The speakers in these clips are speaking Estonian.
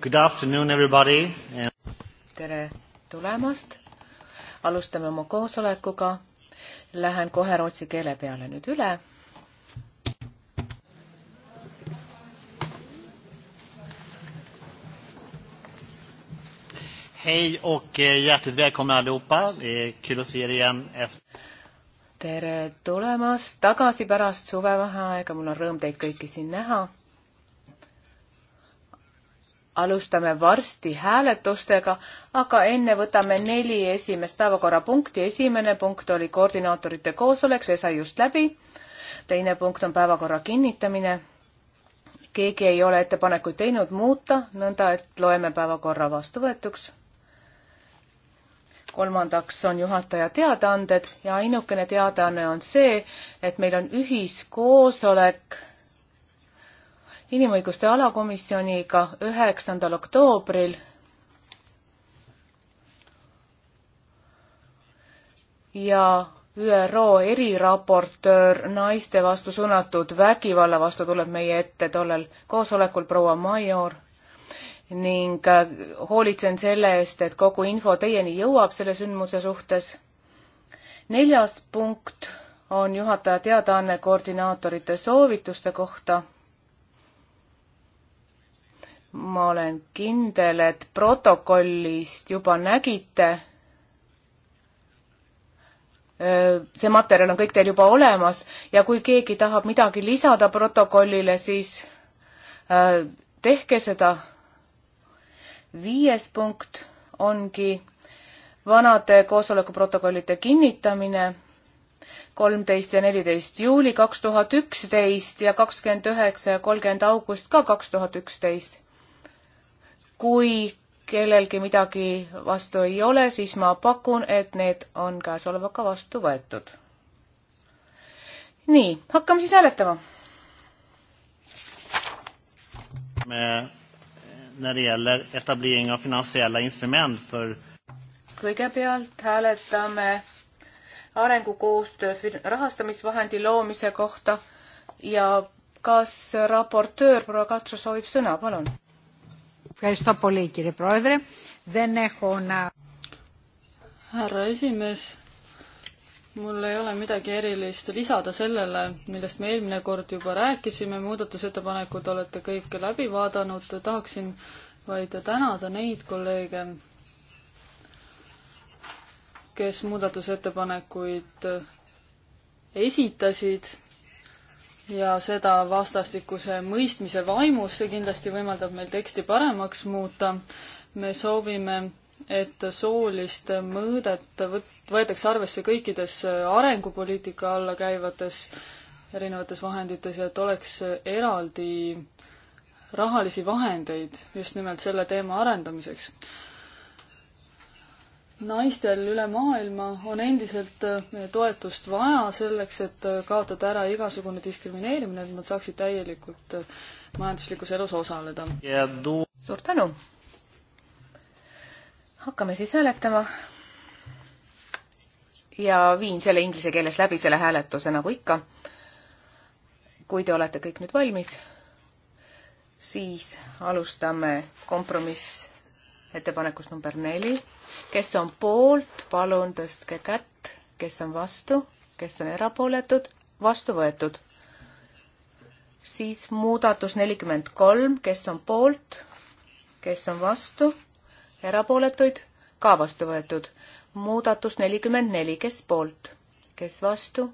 Good afternoon, everybody. tere tulemast. alustame oma koosolekuga. Lähen kohe rootsi keele peale nüüd üle Hej och eh, hjärtligt välkomna allihopa. Det är kul att se er igen efter tere tulemast tagasi pärast suvevaheaega, mul on rõõm teid kõiki siin näha. alustame varsti hääletustega, aga enne võtame neli esimest päevakorrapunkti. esimene punkt oli koordinaatorite koosolek, see sai just läbi. teine punkt on päevakorra kinnitamine. keegi ei ole ettepanekuid teinud muuta, nõnda et loeme päevakorra vastuvõetuks kolmandaks on juhataja teadaanded ja ainukene teadaanne on see, et meil on ühiskoosolek inimõiguste alakomisjoniga üheksandal oktoobril. ja ÜRO eriraportöör naiste vastu suunatud vägivalla vastu tuleb meie ette tollel koosolekul proua Major ning äh, hoolitsen selle eest, et kogu info teieni jõuab selle sündmuse suhtes. neljas punkt on juhataja teadaanne koordinaatorite soovituste kohta. ma olen kindel, et protokollist juba nägite. Äh, see materjal on kõik teil juba olemas ja kui keegi tahab midagi lisada protokollile, siis äh, tehke seda viies punkt ongi vanade koosolekuprotokollide kinnitamine kolmteist ja neliteist juuli kaks tuhat üksteist ja kakskümmend üheksa ja kolmkümmend august ka kaks tuhat üksteist. kui kellelgi midagi vastu ei ole, siis ma pakun, et need on käesolevaga vastu võetud. nii, hakkame siis hääletama. me när det gäller etablering av finansiella instrument för kõigepealt hääletame arengukoostöö rahastamisvahendi loomise kohta ja kas raportöör proua Katsu soovib sõna, palun? härra esimees, mul ei ole midagi erilist lisada sellele, millest me eelmine kord juba rääkisime, muudatusettepanekud olete kõik läbi vaadanud, tahaksin vaid tänada neid kolleege, kes muudatusettepanekuid esitasid ja seda vastastikuse mõistmise vaimus, see kindlasti võimaldab meil teksti paremaks muuta. me soovime et soolist mõõdet võetakse arvesse kõikides arengupoliitika alla käivates erinevates vahendites ja et oleks eraldi rahalisi vahendeid just nimelt selle teema arendamiseks. naistel üle maailma on endiselt toetust vaja selleks, et kaotada ära igasugune diskrimineerimine, et nad saaksid täielikult majanduslikus elus osaleda. suur tänu! hakkame siis hääletama. ja viin selle inglise keeles läbi, selle hääletuse nagu ikka. kui te olete kõik nüüd valmis, siis alustame kompromiss ettepanekust number neli. kes on poolt, palun tõstke kätt, kes on vastu, kes on erapooletud, vastu võetud. siis muudatus nelikümmend kolm, kes on poolt, kes on vastu erapooletuid, ka vastu võetud. muudatus nelikümmend neli, kes poolt, kes vastu,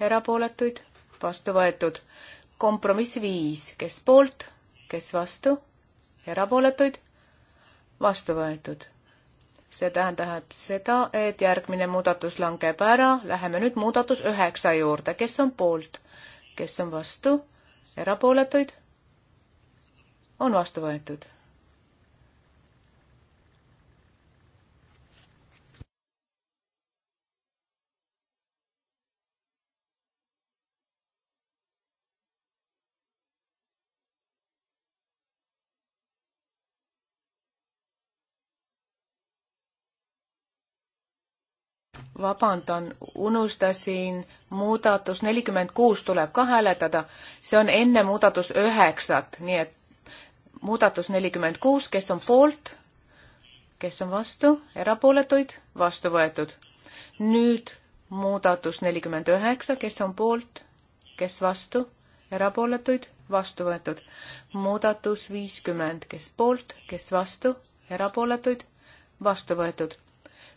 erapooletuid, vastu võetud. kompromiss viis, kes poolt, kes vastu, erapooletuid, vastu võetud. see tähendab seda, et järgmine muudatus langeb ära, läheme nüüd muudatus üheksa juurde, kes on poolt, kes on vastu, erapooletuid, on vastu võetud vabandan, unustasin, muudatus nelikümmend kuus tuleb ka hääletada, see on enne muudatus üheksat, nii et muudatus nelikümmend kuus, kes on poolt, kes on vastu, erapooletuid, vastu võetud. nüüd muudatus nelikümmend üheksa, kes on poolt, kes vastu, erapooletuid, vastu võetud. muudatus viiskümmend, kes poolt, kes vastu, erapooletuid, vastu võetud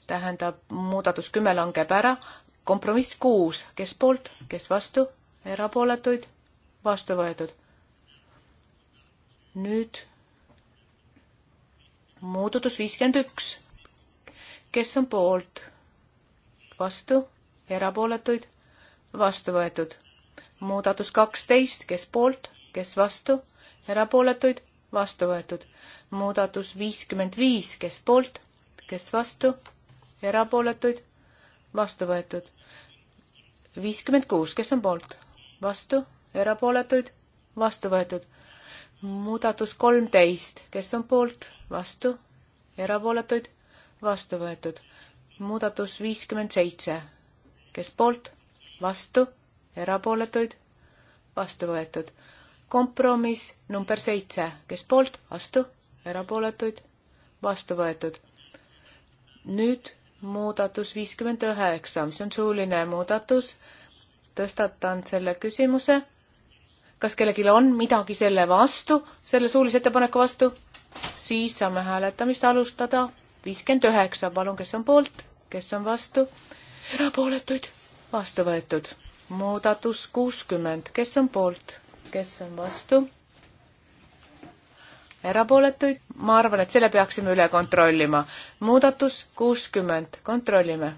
tähendab, muudatus kümme langeb ära, kompromiss kuus, kes poolt, kes vastu, erapooletuid, vastu võetud. nüüd muudatus viiskümmend üks, kes on poolt, vastu, erapooletuid, vastu võetud. muudatus kaksteist, kes poolt, kes vastu, erapooletuid, vastu võetud. muudatus viiskümmend viis, kes poolt, kes vastu, erapooletuid, vastu võetud. viiskümmend kuus, kes on poolt, vastu, erapooletuid, vastu võetud. muudatus kolmteist, kes on poolt, vastu, erapooletuid, vastu võetud. muudatus viiskümmend seitse, kes poolt, vastu, erapooletuid, vastu võetud. kompromiss number seitse, kes poolt, vastu, erapooletuid, vastu võetud. nüüd muudatus viiskümmend üheksa, mis on suuline muudatus. tõstatan selle küsimuse. kas kellelgi on midagi selle vastu, selle suulise ettepaneku vastu? siis saame hääletamist alustada. viiskümmend üheksa, palun, kes on poolt, kes on vastu? erapooletuid, vastu võetud. muudatus kuuskümmend, kes on poolt, kes on vastu? erapooletuid, ma arvan, et selle peaksime üle kontrollima. muudatus kuuskümmend, kontrollime.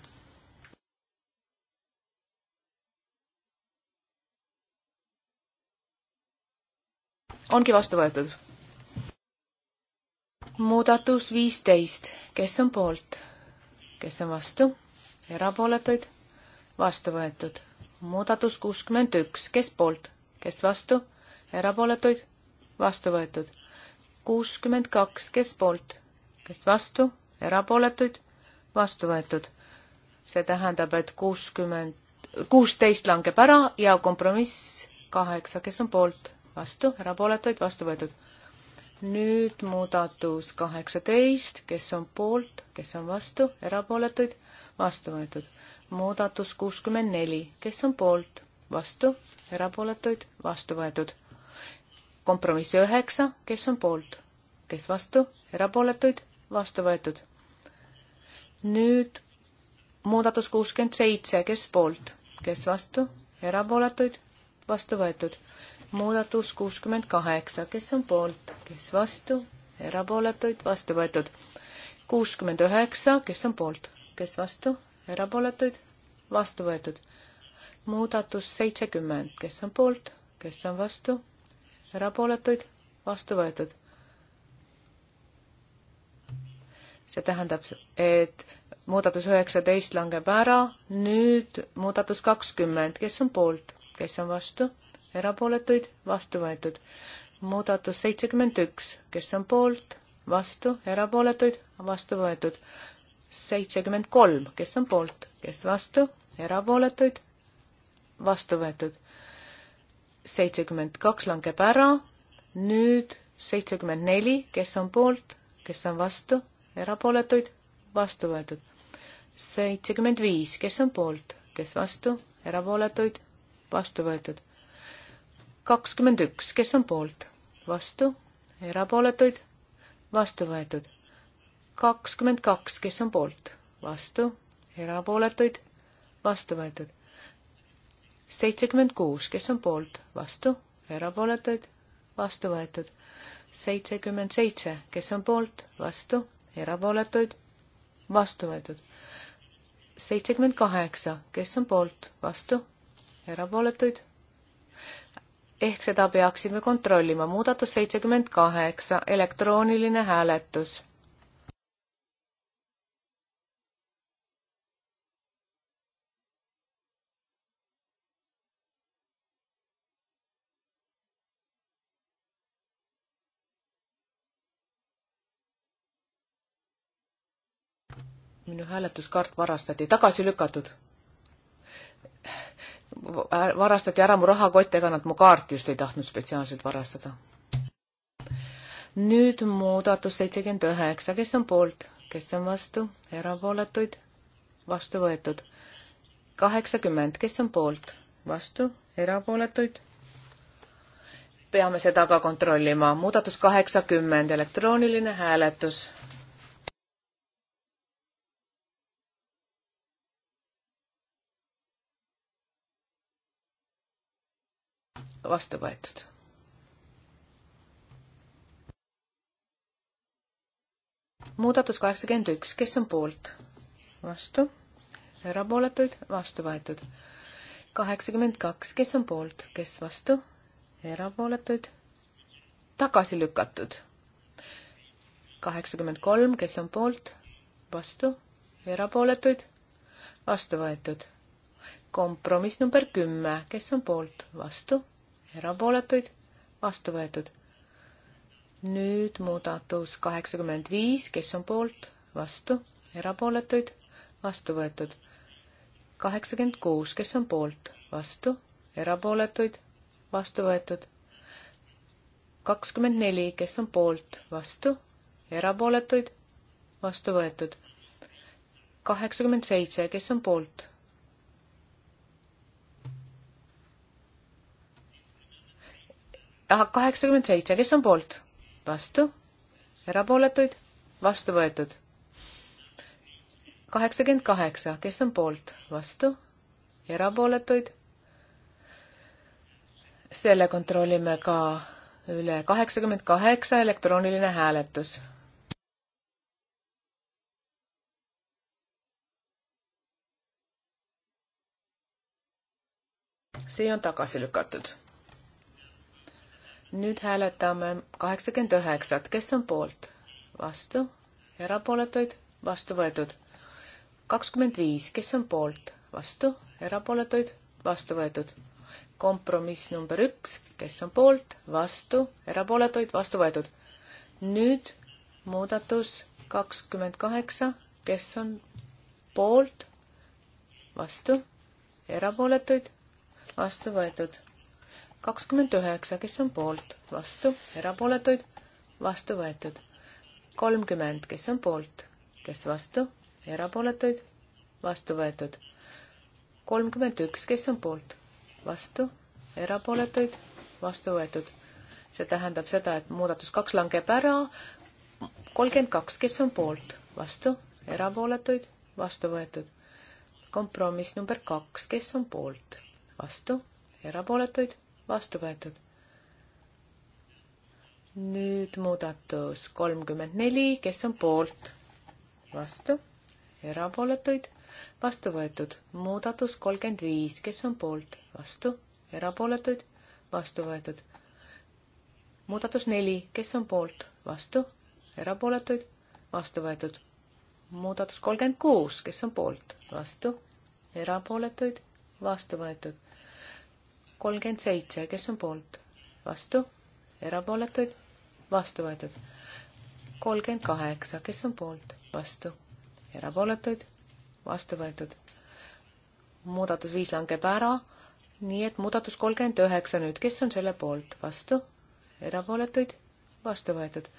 ongi vastu võetud. muudatus viisteist, kes on poolt, kes on vastu, erapooletuid, vastu võetud. muudatus kuuskümmend üks, kes poolt, kes vastu, erapooletuid, vastu võetud kuuskümmend kaks, kes poolt, kes vastu, erapooletuid, vastu võetud. see tähendab, et kuuskümmend, kuusteist langeb ära ja kompromiss kaheksa, kes on poolt, vastu, erapooletuid, vastu võetud. nüüd muudatus kaheksateist, kes on poolt, kes on vastu, erapooletuid, vastu võetud. muudatus kuuskümmend neli, kes on poolt, vastu, erapooletuid, vastu võetud kompromiss üheksa, kes on poolt, kes vastu, erapooletuid, vastu võetud. nüüd muudatus kuuskümmend seitse, kes poolt, kes vastu, erapooletuid, vastu võetud. muudatus kuuskümmend kaheksa, kes on poolt, kes vastu, erapooletuid, vastu võetud. kuuskümmend üheksa, kes on poolt, kes vastu, erapooletuid, vastu võetud. muudatus seitsekümmend, kes on poolt, kes on vastu, erapooletuid, vastu võetud. see tähendab, et muudatus üheksateist langeb ära, nüüd muudatus kakskümmend, kes on poolt, kes on vastu, erapooletuid, vastu võetud. muudatus seitsekümmend üks, kes on poolt, vastu, erapooletuid, vastu võetud. seitsekümmend kolm, kes on poolt, kes vastu, erapooletuid, vastu võetud seitsekümmend kaks langeb ära, nüüd seitsekümmend neli, kes on poolt, kes on vastu, erapooletuid, vastu võetud. seitsekümmend viis, kes on poolt, kes vastu, erapooletuid, vastu võetud. kakskümmend üks, kes on poolt, vastu, erapooletuid, vastu võetud. kakskümmend kaks, kes on poolt, vastu, erapooletuid, vastu võetud seitsekümmend kuus, kes on poolt, vastu, erapooletuid, vastu võetud. seitsekümmend seitse, kes on poolt, vastu, erapooletuid, vastu võetud. seitsekümmend kaheksa, kes on poolt, vastu, erapooletuid. ehk seda peaksime kontrollima. muudatus seitsekümmend kaheksa, elektrooniline hääletus minu hääletuskaart varastati, tagasi lükatud. varastati ära mu rahakott, ega nad mu kaarti just ei tahtnud spetsiaalselt varastada. nüüd muudatus seitsekümmend üheksa, kes on poolt, kes on vastu, erapooletuid, vastu võetud. kaheksakümmend, kes on poolt, vastu, erapooletuid peame seda ka kontrollima. muudatus kaheksakümmend, elektrooniline hääletus vastu võetud. muudatus kaheksakümmend üks, kes on poolt? vastu. erapooletuid, vastu võetud. kaheksakümmend kaks, kes on poolt, kes vastu? erapooletuid, tagasi lükatud. kaheksakümmend kolm, kes on poolt, vastu, erapooletuid, vastu võetud. kompromiss number kümme, kes on poolt, vastu, erapooletuid, vastu võetud. nüüd muudatus kaheksakümmend viis, kes on poolt, vastu, erapooletuid, vastu võetud. kaheksakümmend kuus, kes on poolt, vastu, erapooletuid, vastu võetud. kakskümmend neli, kes on poolt, vastu, erapooletuid, vastu võetud. kaheksakümmend seitse, kes on poolt, kaheksakümmend seitse, kes on poolt? vastu, erapooletuid, vastu võetud. kaheksakümmend kaheksa, kes on poolt? vastu, erapooletuid. selle kontrollime ka üle kaheksakümmend kaheksa, elektrooniline hääletus. see on tagasi lükatud nüüd hääletame kaheksakümmend üheksat, kes on poolt? vastu, erapooletuid, vastu võetud. kakskümmend viis, kes on poolt? vastu, erapooletuid, vastu võetud. kompromiss number üks, kes on poolt, vastu, erapooletuid, vastu võetud. nüüd muudatus kakskümmend kaheksa, kes on poolt, vastu, erapooletuid, vastu võetud kakskümmend üheksa, kes on poolt, vastu, erapooletuid, vastu võetud. kolmkümmend, kes on poolt, kes vastu, erapooletuid, vastu võetud. kolmkümmend üks, kes on poolt, vastu, erapooletuid, vastu võetud. see tähendab seda, et muudatus kaks langeb ära. kolmkümmend kaks, kes on poolt, vastu, erapooletuid, vastu võetud. kompromiss number kaks, kes on poolt, vastu, erapooletuid vastu võetud. nüüd muudatus kolmkümmend neli, kes on poolt, vastu, erapooletuid, vastu võetud. muudatus kolmkümmend viis, kes on poolt, vastu, erapooletuid, vastu võetud. muudatus neli, kes on poolt, vastu, erapooletuid, vastu võetud. muudatus kolmkümmend kuus, kes on poolt, vastu, erapooletuid, vastu võetud kolmkümmend seitse, kes on poolt? vastu, erapooletuid, vastu võetud. kolmkümmend kaheksa, kes on poolt? vastu, erapooletuid, vastu võetud. muudatus viis langeb ära, nii et muudatus kolmkümmend üheksa nüüd, kes on selle poolt? vastu, erapooletuid, vastu võetud.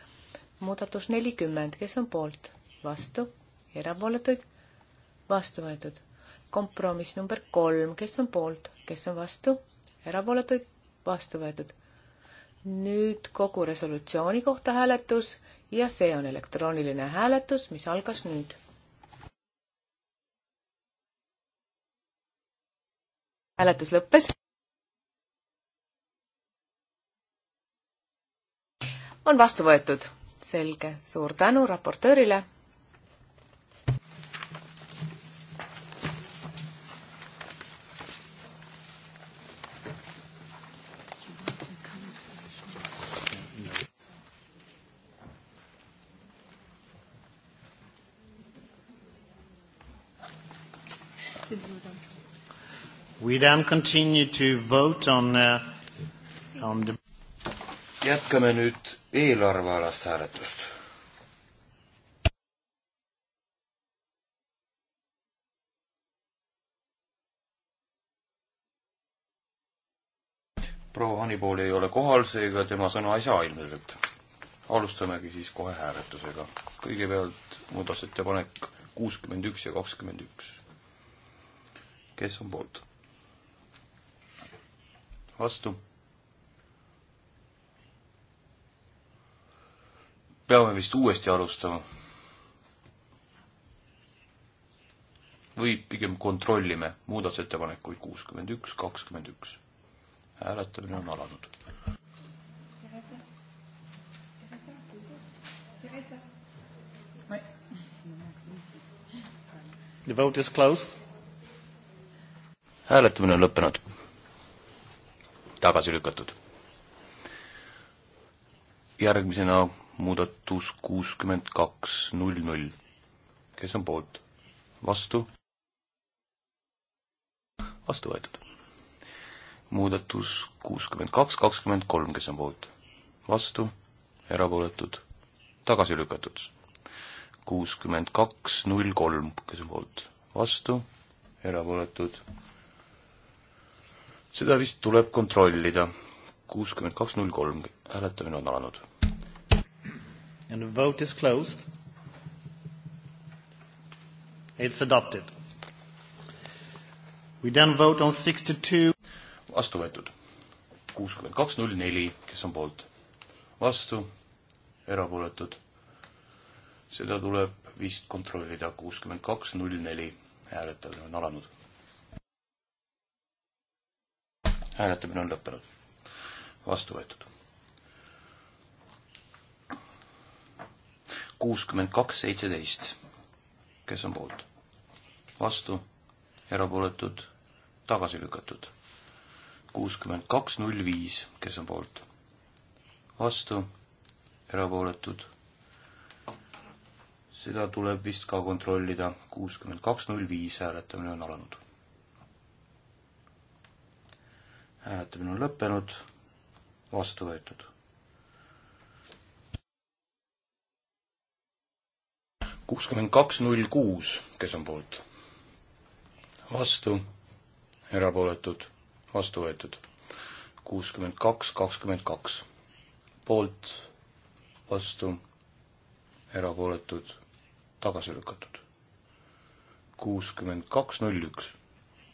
muudatus nelikümmend, kes on poolt? vastu, erapooletuid, vastu võetud kompromiss number kolm, kes on poolt, kes on vastu, erapooletuid, vastu võetud. nüüd kogu resolutsiooni kohta hääletus ja see on elektrooniline hääletus, mis algas nüüd. hääletus lõppes. on vastu võetud. selge, suur tänu raportöörile We then continue to vote on, uh, on the... jätkame nüüd eelarvealast hääletust. proua Hanipool ei ole kohal, seega tema sõna ei saa ilmselgelt. alustamegi siis kohe hääletusega. kõigepealt muudatusettepanek kuuskümmend üks ja kakskümmend üks. kes on poolt? vastu. peame vist uuesti alustama. või pigem kontrollime muudatusettepanekuid kuuskümmend üks, kakskümmend üks. hääletamine on alanud. The vote is closed. hääletamine on lõppenud tagasi lükatud. järgmisena muudatus kuuskümmend kaks null null. kes on poolt? vastu? vastu võetud. muudatus kuuskümmend kaks, kakskümmend kolm, kes on poolt? vastu? erapooletud? tagasi lükatud. kuuskümmend kaks null kolm, kes on poolt? vastu? erapooletud? seda vist tuleb kontrollida. kuuskümmend kaks null kolm, hääletamine on alanud. And the vote is closed. It's adopted. We then vote on sixty two. vastu võetud. kuuskümmend kaks null neli, kes on poolt? vastu, erapooletud. seda tuleb vist kontrollida, kuuskümmend kaks null neli hääletamine on alanud hääletamine on lõppenud. vastu võetud. kuuskümmend kaks, seitseteist. kes on poolt? vastu, erapooletud, tagasi lükatud. kuuskümmend kaks, null viis, kes on poolt? vastu, erapooletud. seda tuleb vist ka kontrollida. kuuskümmend kaks, null viis hääletamine on alanud hääletamine on lõppenud, vastu võetud. kuuskümmend kaks null kuus, kes on poolt? vastu, erapooletud, vastu võetud. kuuskümmend kaks, kakskümmend kaks. poolt, vastu, erapooletud, tagasi lükatud. kuuskümmend kaks null üks.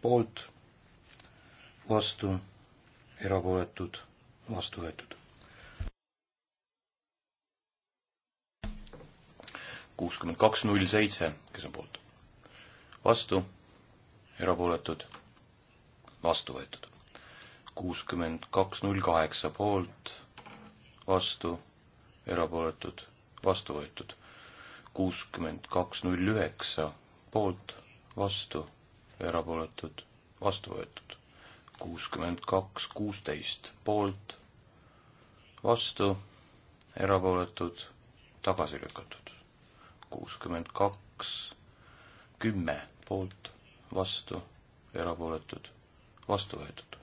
poolt, vastu erapooletud, vastu võetud. kuuskümmend kaks null seitse, kes on poolt? vastu, erapooletud, vastu võetud. kuuskümmend kaks null kaheksa poolt, vastu, erapooletud, vastu võetud. kuuskümmend kaks null üheksa poolt, vastu, erapooletud, vastu võetud kuuskümmend kaks, kuusteist poolt, vastu, erapooletud, tagasi lükatud. kuuskümmend kaks, kümme poolt, vastu, erapooletud, vastu võetud.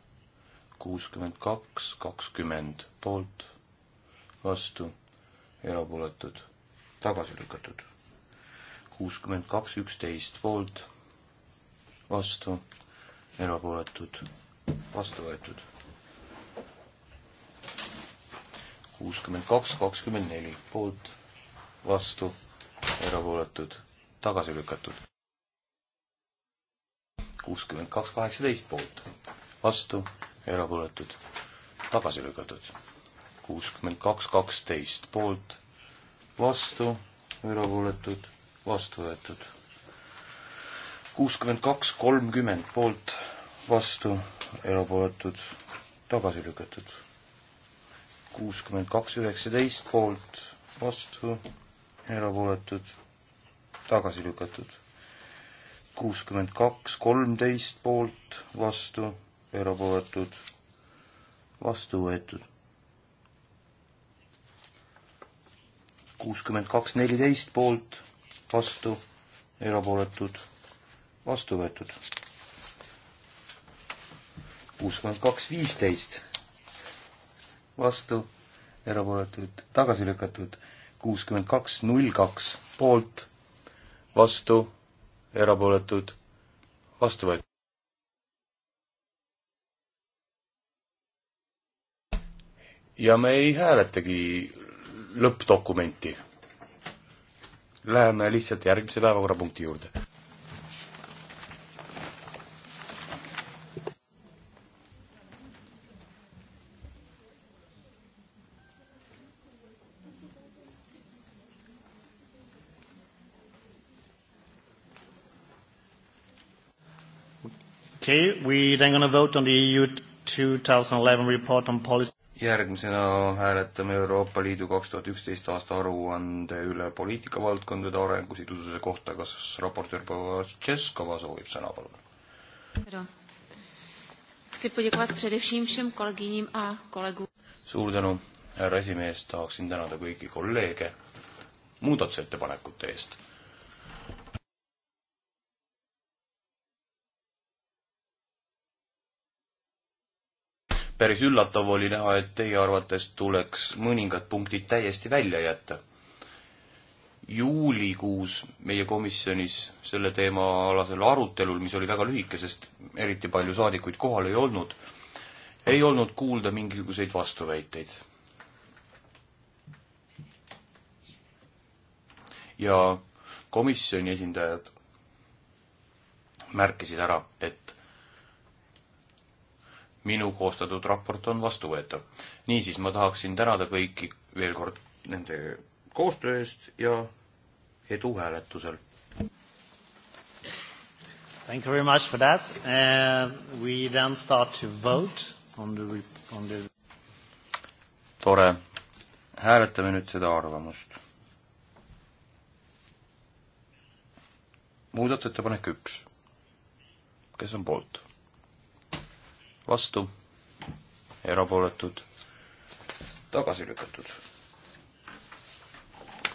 kuuskümmend kaks, kakskümmend poolt, vastu, erapooletud, tagasi lükatud. kuuskümmend kaks, üksteist poolt, vastu, erapooletud vastu võetud. kuuskümmend kaks, kakskümmend neli poolt, vastu, erapooletud, tagasi lükatud. kuuskümmend kaks, kaheksateist poolt, vastu, erapooletud, tagasi lükatud. kuuskümmend kaks, kaksteist poolt, vastu, erapooletud, vastu võetud. kuuskümmend kaks, kolmkümmend poolt, vastu, erapooletud, tagasi lükatud. kuuskümmend kaks üheksateist poolt, vastu, erapooletud, tagasi lükatud. kuuskümmend kaks kolmteist poolt, vastu, erapooletud, vastu võetud. kuuskümmend kaks neliteist poolt, vastu, erapooletud, vastu võetud kuuskümmend kaks viisteist vastu, erapooletuid tagasi lükatud kuuskümmend kaks null kaks poolt, vastu, erapooletud, vastu võetud. ja me ei hääletagi lõppdokumenti. Läheme lihtsalt järgmise päevakorrapunkti juurde Okay, we then gonna vote on the EU 2011 report on policy. järgmisena hääletame Euroopa Liidu kaks tuhat üksteist aasta aruande üle poliitikavaldkondade arengu sidususe kohta. kas raportöör Tšeskova soovib sõna, palun? suur tänu, härra esimees, tahaksin tänada kõiki kolleege muudatusettepanekute eest päris üllatav oli näha, et teie arvates tuleks mõningad punktid täiesti välja jätta. juulikuus meie komisjonis selle teemaalasel arutelul, mis oli väga lühike, sest eriti palju saadikuid kohal ei olnud, ei olnud kuulda mingisuguseid vastuväiteid. ja komisjoni esindajad märkisid ära, et minu koostatud raport on vastuvõetav. niisiis, ma tahaksin tänada kõiki veel kord nende koostöö eest ja edu hääletusel. Thank you very much for that uh,. We then start to vote on the, on the tore, hääletame nüüd seda arvamust. muudatusettepanek üks. kes on poolt? vastu, erapooletud, tagasi lükatud.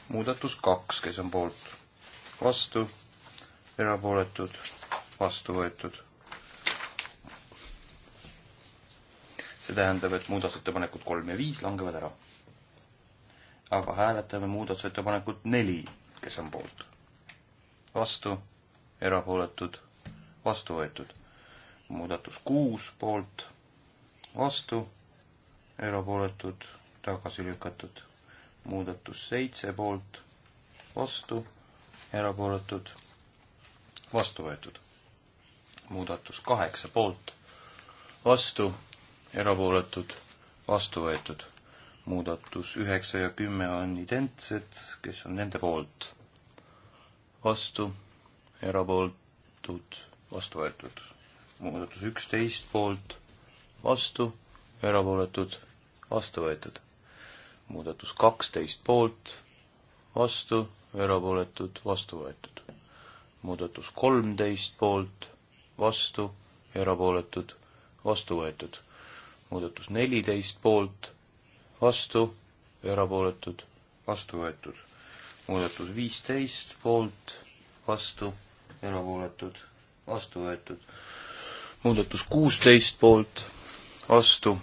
muudatus kaks, kes on poolt, vastu, erapooletud, vastu võetud. see tähendab, et muudatusettepanekud kolm ja viis langevad ära. aga hääletame muudatusettepanekut neli, kes on poolt, vastu, erapooletud, vastu võetud muudatus kuus poolt, vastu, erapooletud, tagasi lükatud. muudatus seitse poolt, vastu, erapooletud, vastu võetud. muudatus kaheksa poolt, vastu, erapooletud, vastu võetud. muudatus üheksa ja kümme on identsed, kes on nende poolt, vastu, erapooletud, vastu võetud muudatus üksteist poolt, vastu, erapooletud, vastu võetud. muudatus kaksteist poolt, vastu, erapooletud, vastu võetud. muudatus kolmteist poolt, vastu, erapooletud, vastu võetud. muudatus neliteist poolt, vastu, erapooletud, vastu võetud. muudatus viisteist poolt, vastu, erapooletud, vastu võetud muudatus kuusteist poolt, vastu,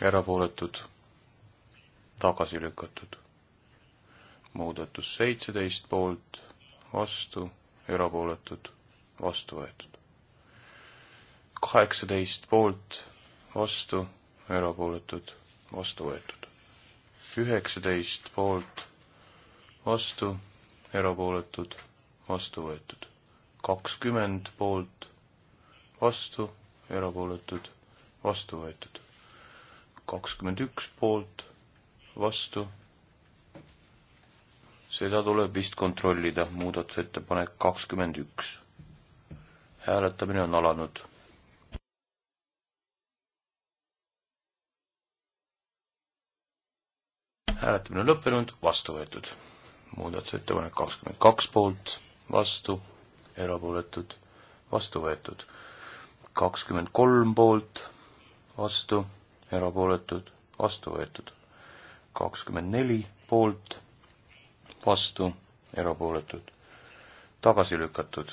erapooletud, tagasi lükatud. muudatus seitseteist poolt, vastu, erapooletud, vastu võetud. kaheksateist poolt, vastu, erapooletud, vastu võetud. üheksateist poolt, vastu, erapooletud, vastu võetud. kakskümmend poolt vastu, erapooletud, vastu võetud. kakskümmend üks poolt, vastu. seda tuleb vist kontrollida, muudatusettepanek kakskümmend üks. hääletamine on alanud. hääletamine on lõppenud, vastu võetud. muudatusettepanek kakskümmend kaks poolt, vastu, erapooletud, vastu võetud kakskümmend kolm poolt, vastu, erapooletud, vastu võetud. kakskümmend neli poolt, vastu, erapooletud, tagasi lükatud.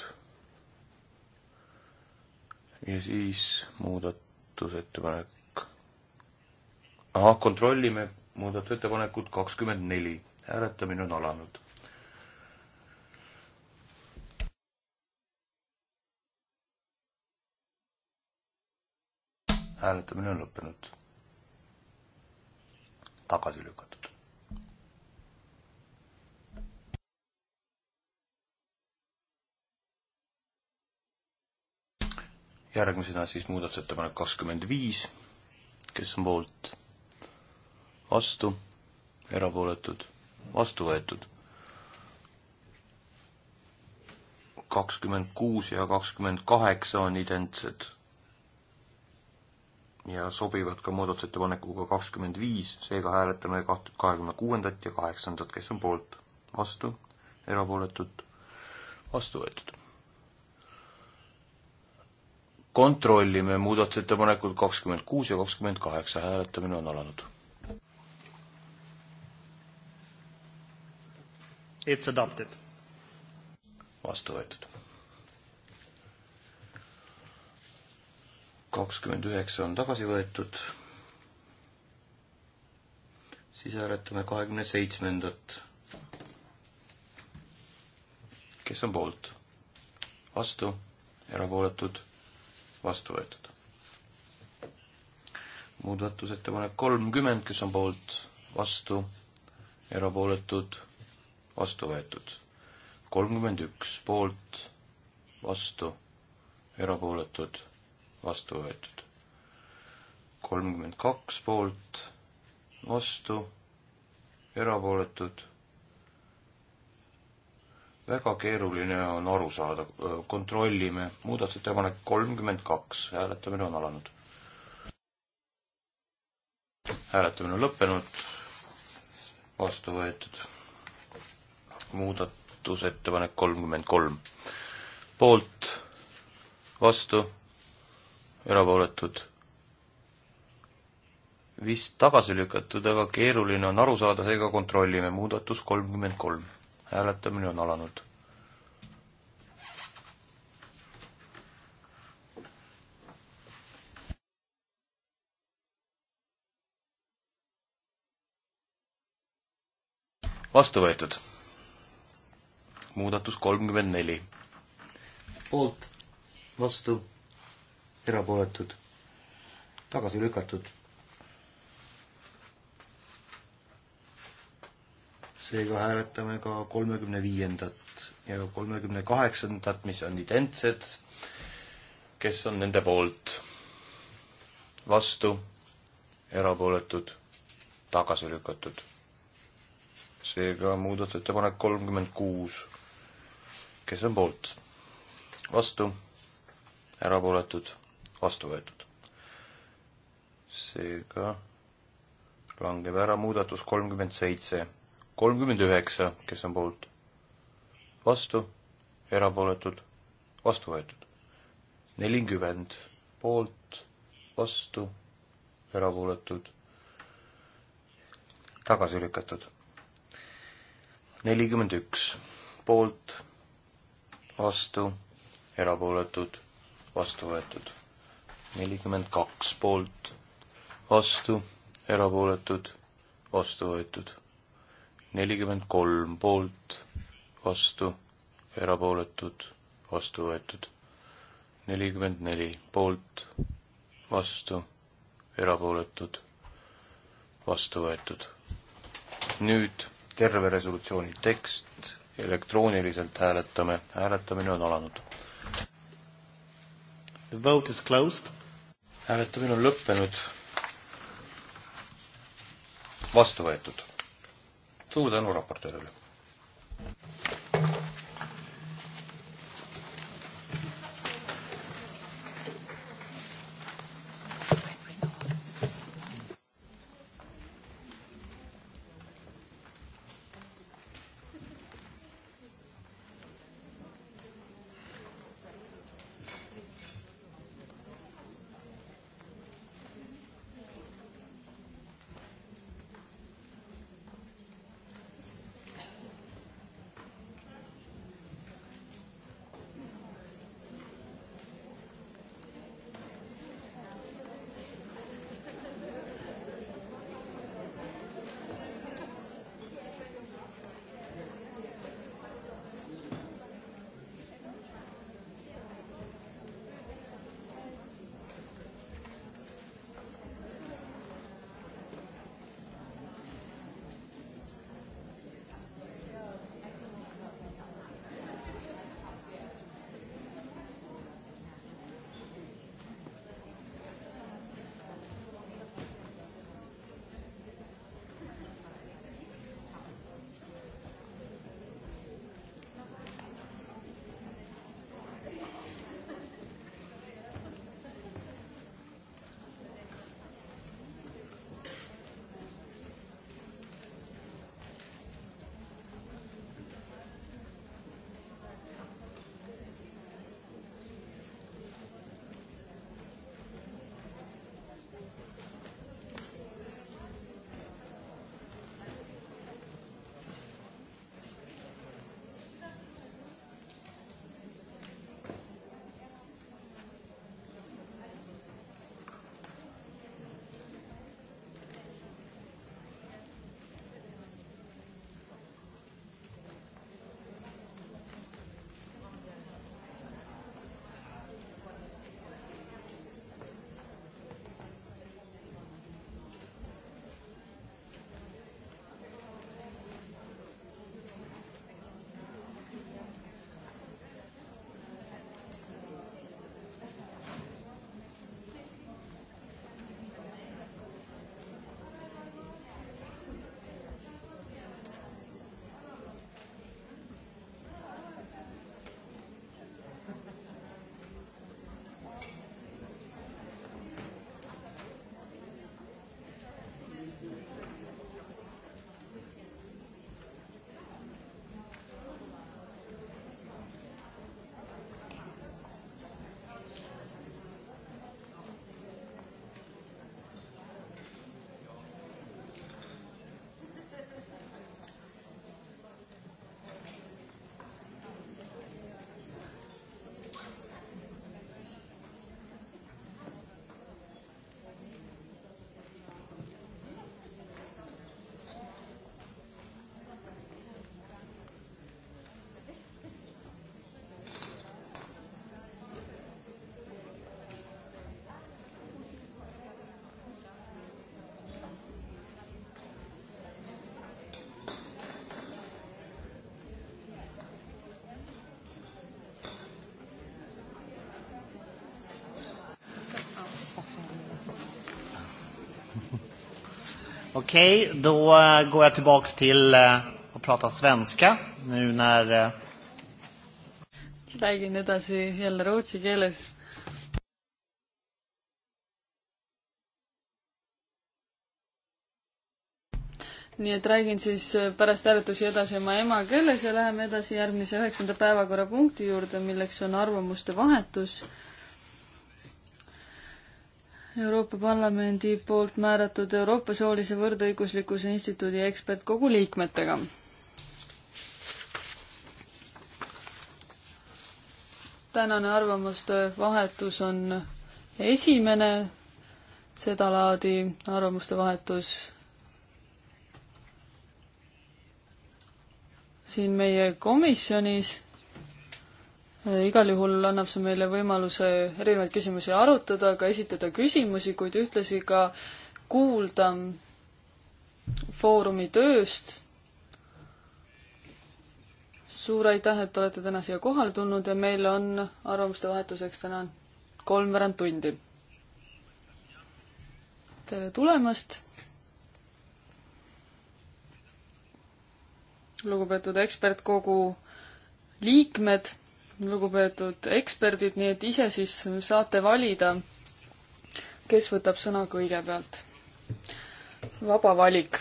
ja siis muudatusettepanek. ahah, kontrollime muudatusettepanekut kakskümmend neli, hääletamine on alanud hääletamine on lõppenud. tagasi lükatud. järgmisena siis muudatusettepanek kakskümmend viis, kes on poolt, vastu, erapooletud, vastu võetud. kakskümmend kuus ja kakskümmend kaheksa on identsed ja sobivad ka muudatusettepanekuga kakskümmend viis, seega hääletame kaht-, kahekümne kuuendat ja kaheksandat, kes on poolt, vastu, erapooletud, vastu võetud. kontrollime muudatusettepanekud kakskümmend kuus ja kakskümmend kaheksa, hääletamine on alanud. It's adopted. vastu võetud kakskümmend üheksa on tagasi võetud. siis hääletame kahekümne seitsmendat. kes on poolt? vastu, erapooletud, vastu võetud. muudatusettepanek kolmkümmend, kes on poolt, vastu, erapooletud, vastu võetud. kolmkümmend üks poolt, vastu, erapooletud vastu võetud. kolmkümmend kaks poolt, vastu, erapooletud. väga keeruline on aru saada, kontrollime, muudatusettepanek kolmkümmend kaks, hääletamine on alanud hääletamine on lõppenud, vastu võetud muudatusettepanek kolmkümmend kolm. poolt, vastu, erapooletud, vist tagasi lükatud, aga keeruline on aru saada, seega kontrollime, muudatus kolmkümmend kolm, hääletamine on alanud. vastu võetud. muudatus kolmkümmend neli. poolt, vastu erapooletud, tagasi lükatud. seega hääletame ka kolmekümne viiendat ja kolmekümne kaheksandat, mis on identsed. kes on nende poolt? vastu, erapooletud, tagasi lükatud. seega muudatusettepanek kolmkümmend kuus. kes on poolt? vastu, erapooletud vastu võetud. seega langeb ära muudatus kolmkümmend seitse, kolmkümmend üheksa, kes on poolt, vastu, erapooletud, vastu võetud. nelikümmend poolt, vastu, erapooletud, tagasi lükatud. nelikümmend üks poolt, vastu, erapooletud, vastu võetud nelikümmend kaks poolt, vastu, erapooletud, vastu võetud. nelikümmend kolm poolt, vastu, erapooletud, vastu võetud. nelikümmend neli poolt, vastu, erapooletud, vastu võetud. nüüd terve resolutsiooni tekst, elektrooniliselt hääletame, hääletamine on alanud. The vote is closed hääletamine on lõppenud. vastu võetud. suur tänu raportöörile. Okej, okay, då eh, går jag tillbaks till eh, att prata svenska nu när... Eh, räägin edasi jälle rootsi keeles. nii et räägin siis pärast hääletusi edasi oma emakeeles ja läheme edasi järgmise üheksanda päevakorrapunkti juurde, milleks on arvamuste vahetus Euroopa Parlamendi poolt määratud Euroopa Soolise Võrdõiguslikkuse Instituudi ekspertkogu liikmetega. tänane arvamuste vahetus on esimene sedalaadi arvamuste vahetus siin meie komisjonis igal juhul annab see meile võimaluse erinevaid küsimusi arutada, ka esitada küsimusi, kuid ühtlasi ka kuulda Foorumi tööst. suur aitäh, et olete täna siia kohale tulnud ja meil on arvamuste vahetuseks täna kolmveerand tundi. tere tulemast. lugupeetud ekspertkogu liikmed lugupeetud eksperdid, nii et ise siis saate valida, kes võtab sõna kõigepealt. vaba valik.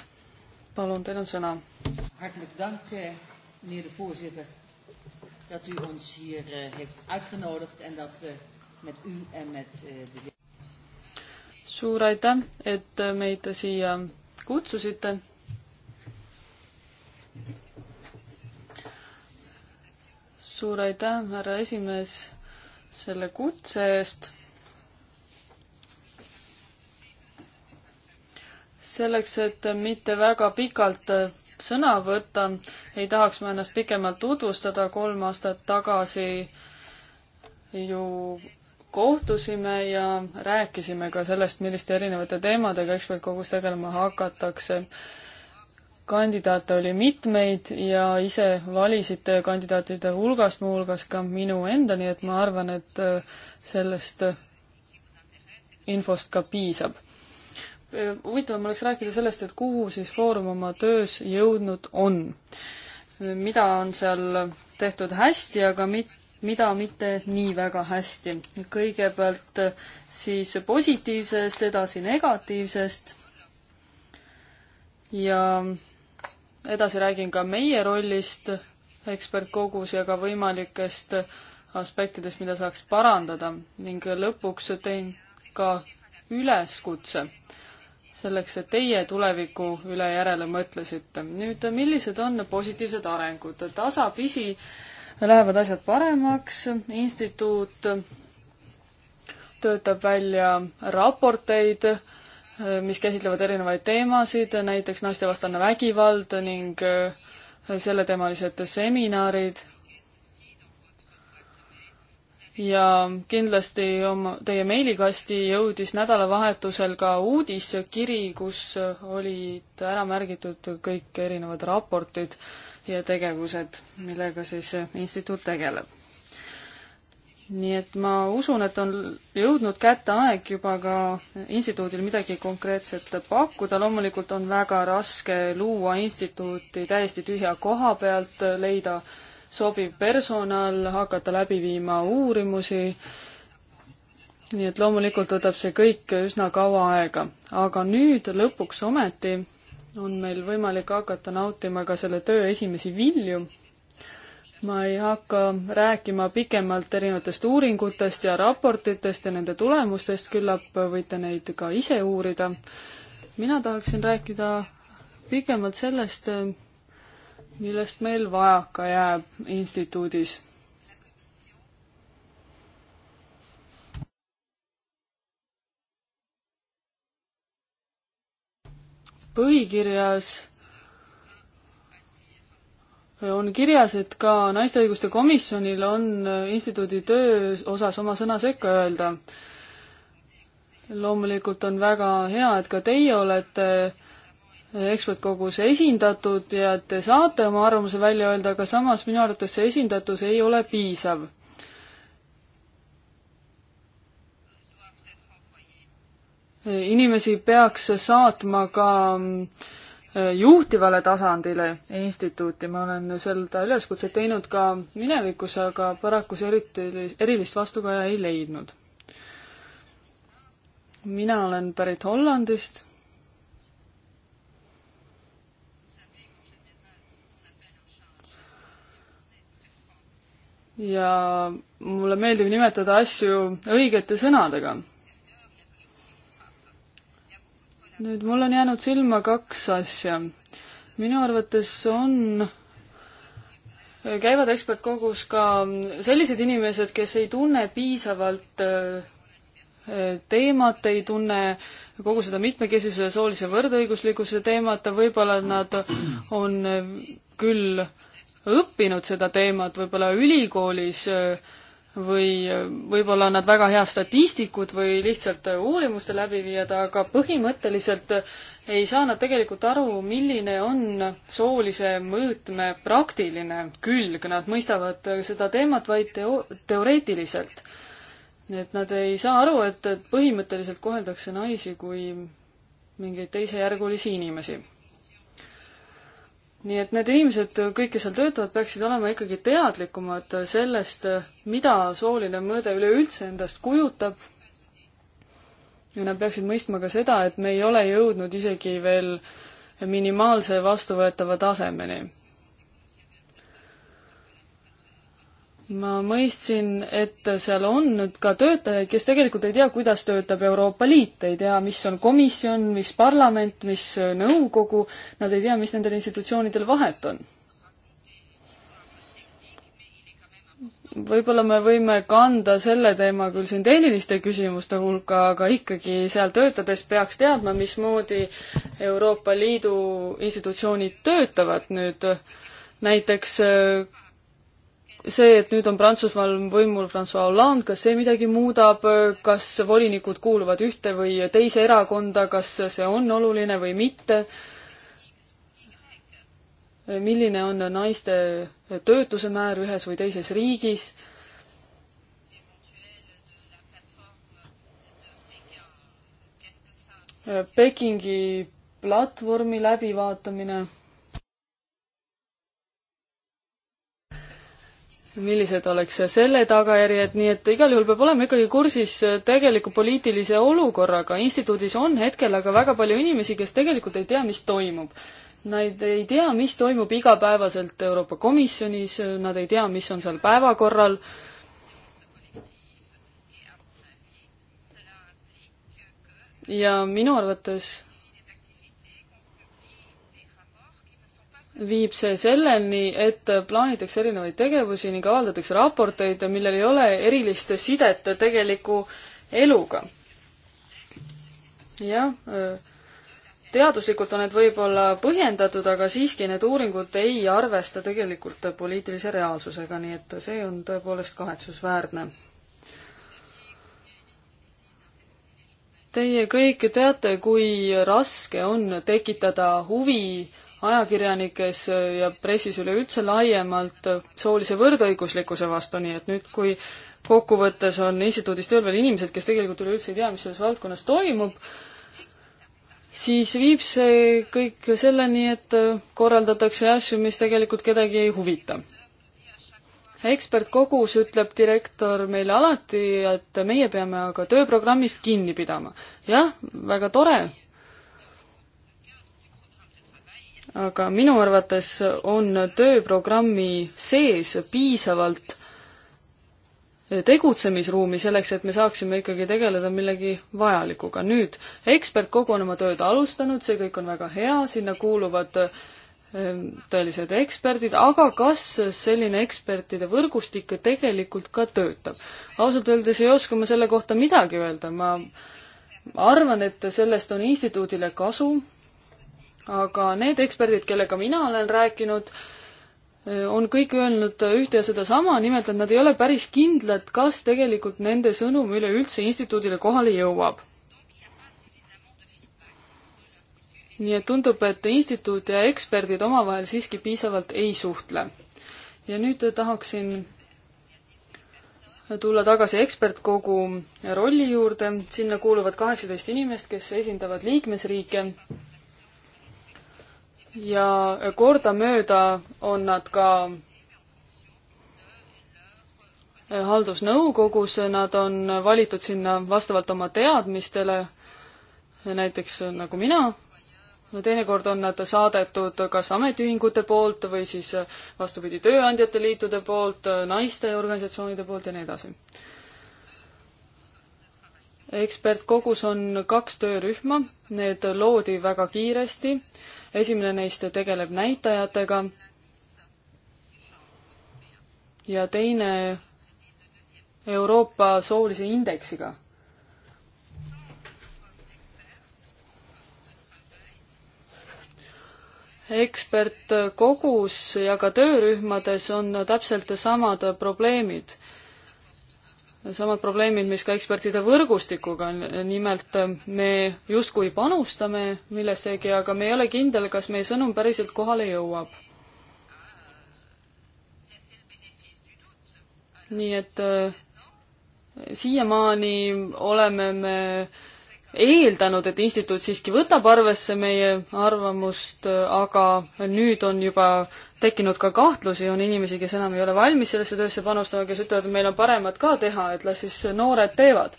palun, teil on sõna. hartelijk dank, eh, meneer de voorzitter, dat u ons hier eh, heeft uitgenodigd en dat we met u en met eh, de suur aitäh, et meid siia kutsusite suur aitäh, härra esimees, selle kutse eest. selleks, et mitte väga pikalt sõna võtta, ei tahaks ma ennast pikemalt tutvustada, kolm aastat tagasi ju kohtusime ja rääkisime ka sellest, milliste erinevate teemadega eksperdikogus tegelema hakatakse kandidaate oli mitmeid ja ise valisite kandidaatide hulgast, muuhulgas ka minu enda, nii et ma arvan, et äh, sellest äh, infost ka piisab. Äh, huvitavam oleks rääkida sellest, et kuhu siis Foorum oma töös jõudnud on. mida on seal tehtud hästi, aga mit-, mida mitte nii väga hästi. kõigepealt siis positiivsest, edasi negatiivsest ja edasi räägin ka meie rollist ekspertkogus ja ka võimalikest aspektidest, mida saaks parandada ning lõpuks teen ka üleskutse selleks, et teie tuleviku üle järele mõtlesite. nüüd, millised on positiivsed arengud? tasapisi lähevad asjad paremaks, instituut töötab välja raporteid, mis käsitlevad erinevaid teemasid, näiteks naistevastane vägivald ning äh, selleteemalised seminarid. ja kindlasti oma, teie meilikasti jõudis nädalavahetusel ka uudiskiri, kus äh, olid ära märgitud kõik erinevad raportid ja tegevused, millega siis äh, instituut tegeleb nii et ma usun, et on jõudnud kätte aeg juba ka instituudil midagi konkreetset pakkuda, loomulikult on väga raske luua instituuti täiesti tühja koha pealt, leida sobiv personal, hakata läbi viima uurimusi, nii et loomulikult võtab see kõik üsna kaua aega. aga nüüd lõpuks ometi on meil võimalik hakata nautima ka selle töö esimesi vilju ma ei hakka rääkima pikemalt erinevatest uuringutest ja raportitest ja nende tulemustest, küllap võite neid ka ise uurida. mina tahaksin rääkida pikemalt sellest, millest meil vajaka jääb instituudis põhikirjas on kirjas, et ka naiste õiguste komisjonil on äh, instituudi töö osas oma sõna sekka öelda. loomulikult on väga hea, et ka teie olete äh, ekspertkogus esindatud ja te saate oma arvamuse välja öelda, aga samas minu arvates see esindatus ei ole piisav. Äh, inimesi peaks saatma ka äh, Äh, juhtivale tasandile instituuti, ma olen seda üleskutset teinud ka minevikus, aga paraku see eriti, erilist vastukaja ei leidnud. mina olen pärit Hollandist. ja mulle meeldib nimetada asju õigete sõnadega nüüd mul on jäänud silma kaks asja. minu arvates on, käivad ekspertkogus ka sellised inimesed, kes ei tunne piisavalt äh, teemat, ei tunne kogu seda mitmekesisuse ja soolise võrdõiguslikkuse teemat, võib-olla nad on küll õppinud seda teemat võib-olla ülikoolis äh, või võib-olla on nad väga hea statistikud või lihtsalt uurimuste läbiviijad, aga põhimõtteliselt ei saa nad tegelikult aru, milline on soolise mõõtme praktiline külg, nad mõistavad seda teemat vaid teo-, teoreetiliselt. nii et nad ei saa aru, et, et põhimõtteliselt koheldakse naisi kui mingeid teisejärgulisi inimesi nii et need inimesed, kõik, kes seal töötavad, peaksid olema ikkagi teadlikumad sellest, mida sooline mõõde üleüldse endast kujutab. ja nad peaksid mõistma ka seda, et me ei ole jõudnud isegi veel minimaalse vastuvõetava tasemeni ma mõistsin, et seal on nüüd ka töötajaid, kes tegelikult ei tea, kuidas töötab Euroopa Liit, ei tea, mis on komisjon, mis parlament, mis nõukogu, nad ei tea, mis nendel institutsioonidel vahet on. võib-olla me võime kanda selle teema küll siin tehniliste küsimuste hulka, aga ikkagi seal töötades peaks teadma, mismoodi Euroopa Liidu institutsioonid töötavad nüüd näiteks see, et nüüd on Prantsusmaal võimul Francois Hollande, kas see midagi muudab, kas volinikud kuuluvad ühte või teise erakonda, kas see on oluline või mitte? milline on naiste töötuse määr ühes või teises riigis? Pekingi platvormi läbivaatamine millised oleks selle tagajärjed, nii et igal juhul peab olema ikkagi kursis tegeliku poliitilise olukorraga. instituudis on hetkel aga väga palju inimesi, kes tegelikult ei tea, mis toimub. Nad ei tea, mis toimub igapäevaselt Euroopa Komisjonis, nad ei tea, mis on seal päevakorral ja minu arvates viib see selleni, et plaanitakse erinevaid tegevusi ning avaldatakse raporteid, millel ei ole erilist sidet tegeliku eluga. jah, teaduslikult on need võib-olla põhjendatud, aga siiski need uuringud ei arvesta tegelikult poliitilise reaalsusega, nii et see on tõepoolest kahetsusväärne. Teie kõik teate, kui raske on tekitada huvi ajakirjanikes ja pressis üleüldse laiemalt soolise võrdõiguslikkuse vastu, nii et nüüd, kui kokkuvõttes on instituudis tööl veel inimesed, kes tegelikult üleüldse ei tea, mis selles valdkonnas toimub, siis viib see kõik selleni, et korraldatakse asju, mis tegelikult kedagi ei huvita. ekspertkogus ütleb direktor meile alati, et meie peame aga tööprogrammist kinni pidama. jah, väga tore, aga minu arvates on tööprogrammi sees piisavalt tegutsemisruumi selleks, et me saaksime ikkagi tegeleda millegi vajalikuga. nüüd, ekspertkogu on oma tööd alustanud, see kõik on väga hea, sinna kuuluvad ähm, tõelised eksperdid, aga kas selline ekspertide võrgustik tegelikult ka töötab? ausalt öeldes ei oska ma selle kohta midagi öelda, ma arvan, et sellest on instituudile kasu, aga need eksperdid, kellega mina olen rääkinud, on kõik öelnud ühte ja sedasama, nimelt et nad ei ole päris kindlad, kas tegelikult nende sõnum üleüldse instituudile kohale jõuab. nii et tundub, et instituut ja eksperdid omavahel siiski piisavalt ei suhtle. ja nüüd tahaksin tulla tagasi ekspertkogu rolli juurde, sinna kuuluvad kaheksateist inimest, kes esindavad liikmesriike ja kordamööda on nad ka eh, haldusnõukogus, nad on valitud sinna vastavalt oma teadmistele, eh, näiteks nagu mina, teinekord on nad saadetud kas ametiühingute poolt või siis eh, vastupidi, tööandjate liitude poolt, naisteorganisatsioonide poolt ja nii edasi. ekspertkogus on kaks töörühma, need loodi väga kiiresti esimene neist tegeleb näitajatega ja teine Euroopa soolise indeksiga ekspertkogus ja ka töörühmades on täpselt samad probleemid samad probleemid, mis ka ekspertide võrgustikuga on, nimelt äh, me justkui panustame millessegi, aga me ei ole kindel, kas meie sõnum päriselt kohale jõuab. nii et äh, siiamaani oleme me äh, eeldanud, et instituut siiski võtab arvesse meie arvamust, aga nüüd on juba tekkinud ka kahtlusi, on inimesi, kes enam ei ole valmis sellesse töösse panustama, kes ütlevad, et meil on paremat ka teha, et las siis noored teevad.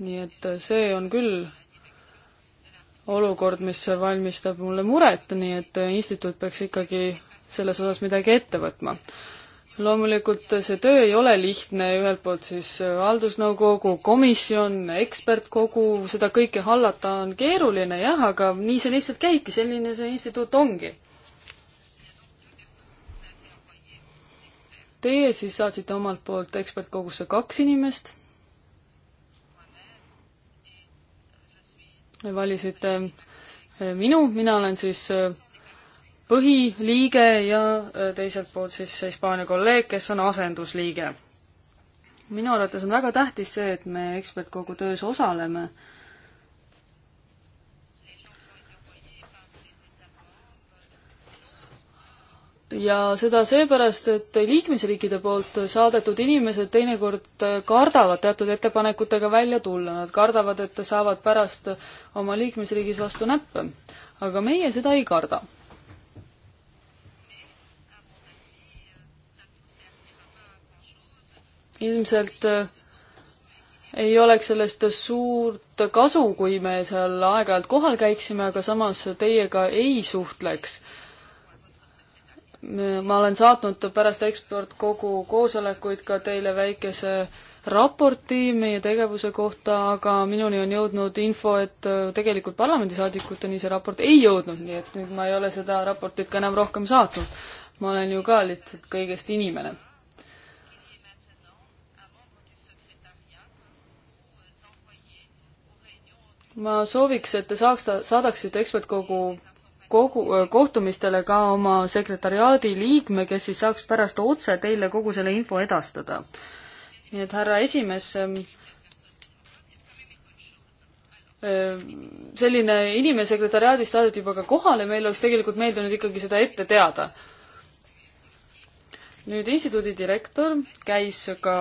nii et see on küll olukord, mis valmistab mulle muret, nii et instituut peaks ikkagi selles osas midagi ette võtma loomulikult see töö ei ole lihtne, ühelt poolt siis haldusnõukogu, komisjon, ekspertkogu, seda kõike hallata on keeruline jah, aga nii see lihtsalt käibki, selline see instituut ongi. Teie siis saatsite omalt poolt ekspertkogusse kaks inimest. valisite minu, mina olen siis põhiliige ja äh, teiselt poolt siis see Hispaania kolleeg, kes on asendusliige. minu arvates on väga tähtis see, et me ekspertkogu töös osaleme. ja seda seepärast, et liikmesriikide poolt saadetud inimesed teinekord kardavad teatud ettepanekutega välja tulla, nad kardavad, et saavad pärast oma liikmesriigis vastu näppe. aga meie seda ei karda ilmselt äh, ei oleks sellest suurt kasu, kui me seal aeg-ajalt kohal käiksime, aga samas teiega ei suhtleks. ma olen saatnud pärast ekspordikogu koosolekuid ka teile väikese raporti meie tegevuse kohta, aga minuni on jõudnud info, et äh, tegelikult parlamendisaadikuteni see raport ei jõudnud, nii et nüüd ma ei ole seda raportit ka enam rohkem saatnud. ma olen ju ka lihtsalt kõigest inimene ma sooviks, et te saaks, saadaksite ekspertkogu kogu, kohtumistele ka oma sekretariaadi liikme, kes siis saaks pärast otse teile kogu selle info edastada. nii et härra esimees, selline inimene sekretariaadist saadeti juba ka kohale, meil oleks tegelikult meeldinud ikkagi seda ette teada nüüd instituudi direktor käis ka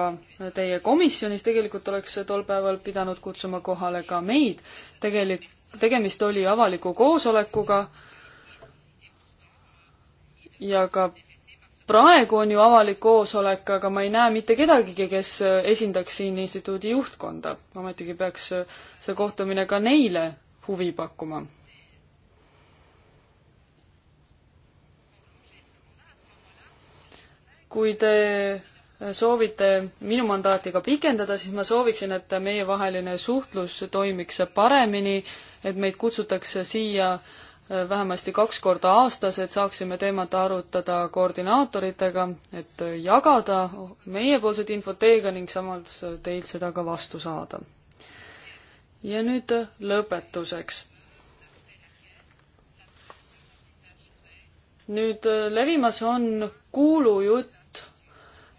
teie komisjonis, tegelikult oleks tol päeval pidanud kutsuma kohale ka meid. tegelik, tegemist oli avaliku koosolekuga ja ka praegu on ju avalik koosolek, aga ma ei näe mitte kedagigi, kes esindaks siin instituudi juhtkonda. ometigi peaks see kohtumine ka neile huvi pakkuma. kui te soovite minu mandaati ka pikendada, siis ma sooviksin, et meievaheline suhtlus toimiks paremini, et meid kutsutakse siia äh, vähemasti kaks korda aastas, et saaksime teemat arutada koordinaatoritega, et jagada meiepoolset infot teiega ning samas teilt seda ka vastu saada. ja nüüd lõpetuseks. nüüd äh, levimas on kuulujutt,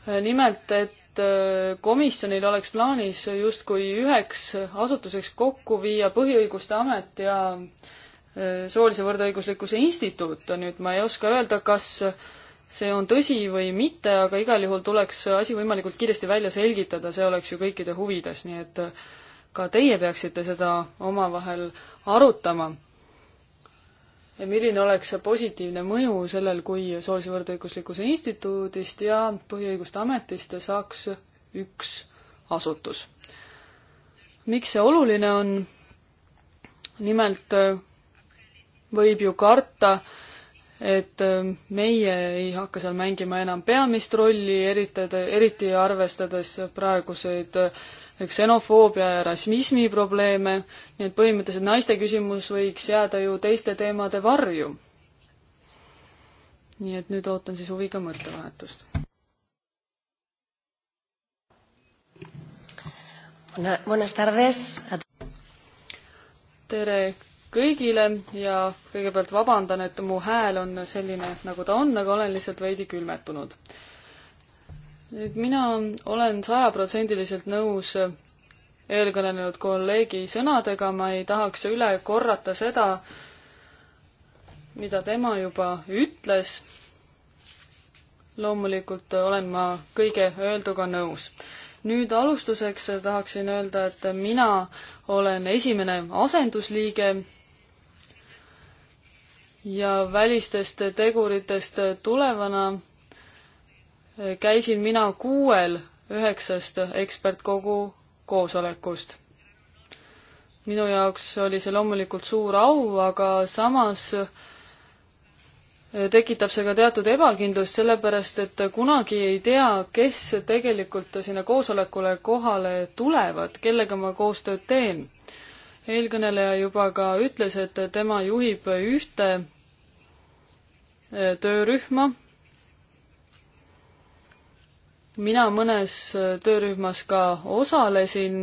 nimelt, et äh, komisjonil oleks plaanis justkui üheks asutuseks kokku viia Põhiõiguste Amet ja äh, Soolise Võrdõiguslikkuse Instituut. nüüd ma ei oska öelda, kas see on tõsi või mitte, aga igal juhul tuleks asi võimalikult kiiresti välja selgitada, see oleks ju kõikide huvides, nii et äh, ka teie peaksite seda omavahel arutama milline oleks see positiivne mõju sellel, kui soolise võrdõiguslikkuse instituudist ja põhiõiguste ametist saaks üks asutus. miks see oluline on? nimelt võib ju karta, et meie ei hakka seal mängima enam peamist rolli, eriti, eriti arvestades praeguseid ksenofoobia ja rasmismi probleeme, nii et põhimõtteliselt naiste küsimus võiks jääda ju teiste teemade varju. nii et nüüd ootan siis huviga mõttevahetust. Buenas tardes. tere kõigile ja kõigepealt vabandan, et mu hääl on selline, nagu ta on, aga olen lihtsalt veidi külmetunud nüüd mina olen sajaprotsendiliselt nõus eelkõnelenud kolleegi sõnadega, ma ei tahaks üle korrata seda, mida tema juba ütles. loomulikult olen ma kõige öelduga nõus. nüüd alustuseks tahaksin öelda, et mina olen esimene asendusliige ja välistest teguritest tulevana käisin mina kuuel üheksast ekspertkogu koosolekust. minu jaoks oli see loomulikult suur au, aga samas eh, tekitab see ka teatud ebakindlust, sellepärast et kunagi ei tea, kes tegelikult sinna koosolekule kohale tulevad, kellega ma koostööd teen. eelkõneleja juba ka ütles, et tema juhib ühte eh, töörühma mina mõnes äh, töörühmas ka osalesin,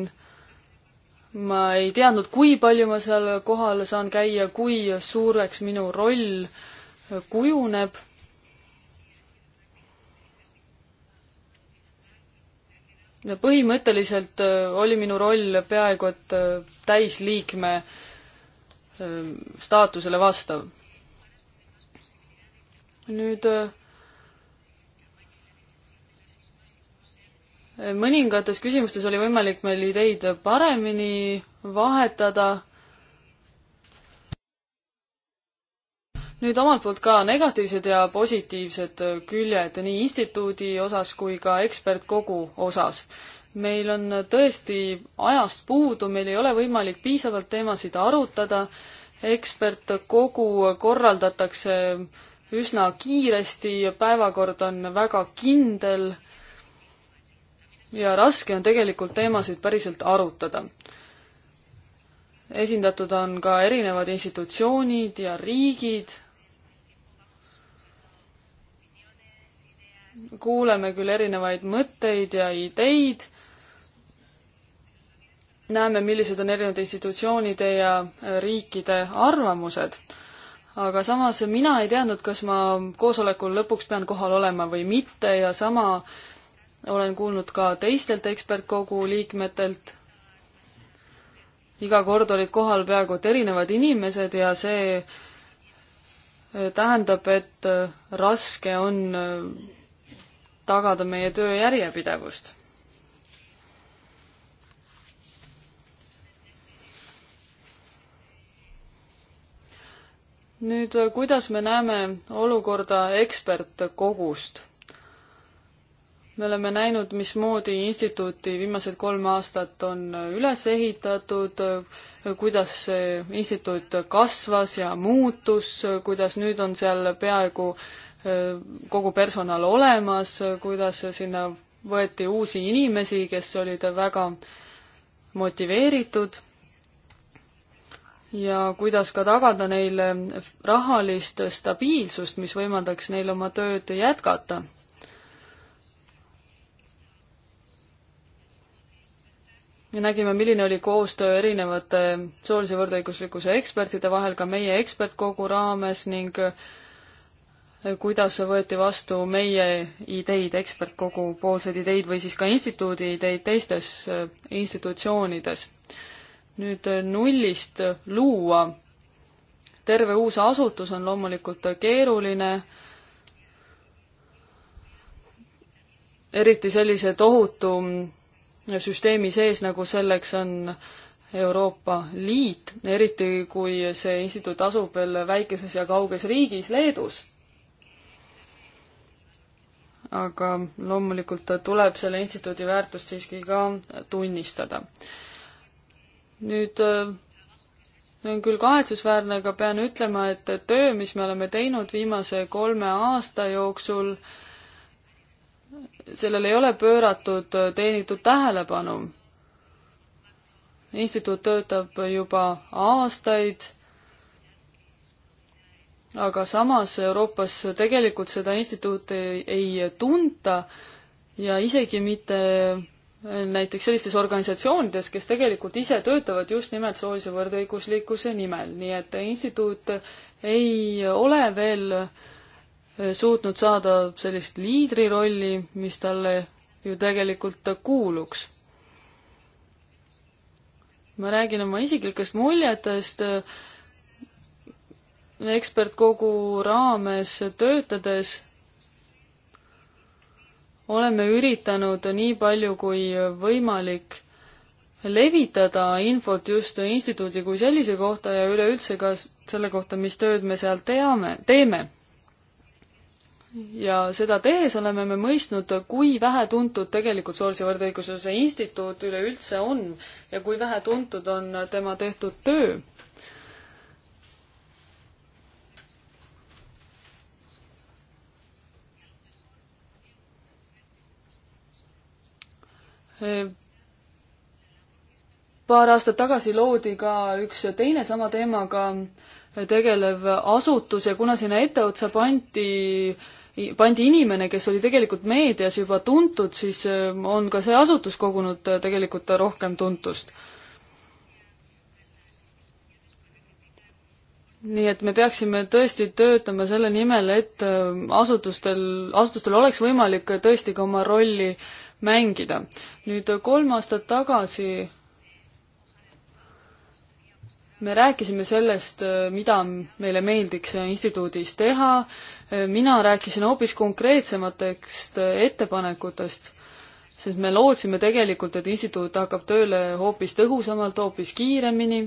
ma ei teadnud, kui palju ma seal kohal saan käia, kui suureks minu roll äh, kujuneb. ja põhimõtteliselt äh, oli minu roll peaaegu et täisliikme staatusele vastav. nüüd mõningates küsimustes oli võimalik meil ideid paremini vahetada. nüüd omalt poolt ka negatiivsed ja positiivsed küljed nii instituudi osas kui ka ekspertkogu osas. meil on tõesti ajast puudu, meil ei ole võimalik piisavalt teemasid arutada, ekspertkogu korraldatakse üsna kiiresti, päevakord on väga kindel ja raske on tegelikult teemasid päriselt arutada. esindatud on ka erinevad institutsioonid ja riigid, kuuleme küll erinevaid mõtteid ja ideid, näeme, millised on erinevate institutsioonide ja riikide arvamused, aga samas mina ei teadnud, kas ma koosolekul lõpuks pean kohal olema või mitte ja sama olen kuulnud ka teistelt ekspertkogu liikmetelt. iga kord olid kohal peaaegu et erinevad inimesed ja see eh, tähendab, et eh, raske on eh, tagada meie töö järjepidevust. nüüd, kuidas me näeme olukorda ekspertkogust me oleme näinud, mismoodi instituuti viimased kolm aastat on üles ehitatud, kuidas see instituut kasvas ja muutus, kuidas nüüd on seal peaaegu e, kogu personal olemas, kuidas sinna võeti uusi inimesi, kes olid väga motiveeritud ja kuidas ka tagada neile rahalist stabiilsust, mis võimaldaks neil oma tööd jätkata me nägime, milline oli koostöö erinevate soolise võrdõiguslikkuse ekspertide vahel ka meie ekspertkogu raames ning eh, kuidas võeti vastu meie ideid, ekspertkogu poolseid ideid või siis ka instituudi ideid teistes eh, institutsioonides. nüüd eh, nullist luua terve uus asutus on loomulikult keeruline, eriti sellise tohutu mm, süsteemi sees, nagu selleks on Euroopa Liit, eriti kui see instituut asub veel väikeses ja kauges riigis, Leedus. aga loomulikult tuleb selle instituudi väärtust siiski ka tunnistada. nüüd on küll kahetsusväärne, aga pean ütlema, et töö, mis me oleme teinud viimase kolme aasta jooksul, äh, sellele ei ole pööratud teenitud tähelepanu. instituut töötab juba aastaid, aga samas Euroopas tegelikult seda instituuti ei, ei tunta ja isegi mitte näiteks sellistes organisatsioonides, kes tegelikult ise töötavad just nimelt soolise võrdõiguslikkuse nimel, nii et instituut ei ole veel äh, Eh, suutnud saada sellist liidrirolli, mis talle ju tegelikult kuuluks. ma räägin oma isiklikest muljetest, eh, ekspertkogu raames töötades oleme üritanud nii palju kui võimalik levitada infot just instituudi kui sellise kohta ja üleüldse ka selle kohta, mis tööd me seal teame, teeme ja seda tehes oleme me mõistnud, kui vähetuntud tegelikult soolise võrdõiguslikkuse instituut üleüldse on ja kui vähetuntud on tema tehtud töö. paar aastat tagasi loodi ka üks teine sama teemaga tegelev asutus ja kuna sinna etteotsa pandi pandi inimene, kes oli tegelikult meedias juba tuntud, siis ähm, on ka see asutus kogunud äh, tegelikult rohkem tuntust. nii et me peaksime tõesti töötama selle nimel, et ähm, asutustel, asutustel oleks võimalik tõesti ka oma rolli mängida. nüüd kolm aastat tagasi me rääkisime sellest, äh, mida meile meeldiks äh, instituudis teha, äh, mina rääkisin hoopis konkreetsematest ettepanekutest, sest me lootsime tegelikult, et instituut hakkab tööle hoopis tõhusamalt, hoopis kiiremini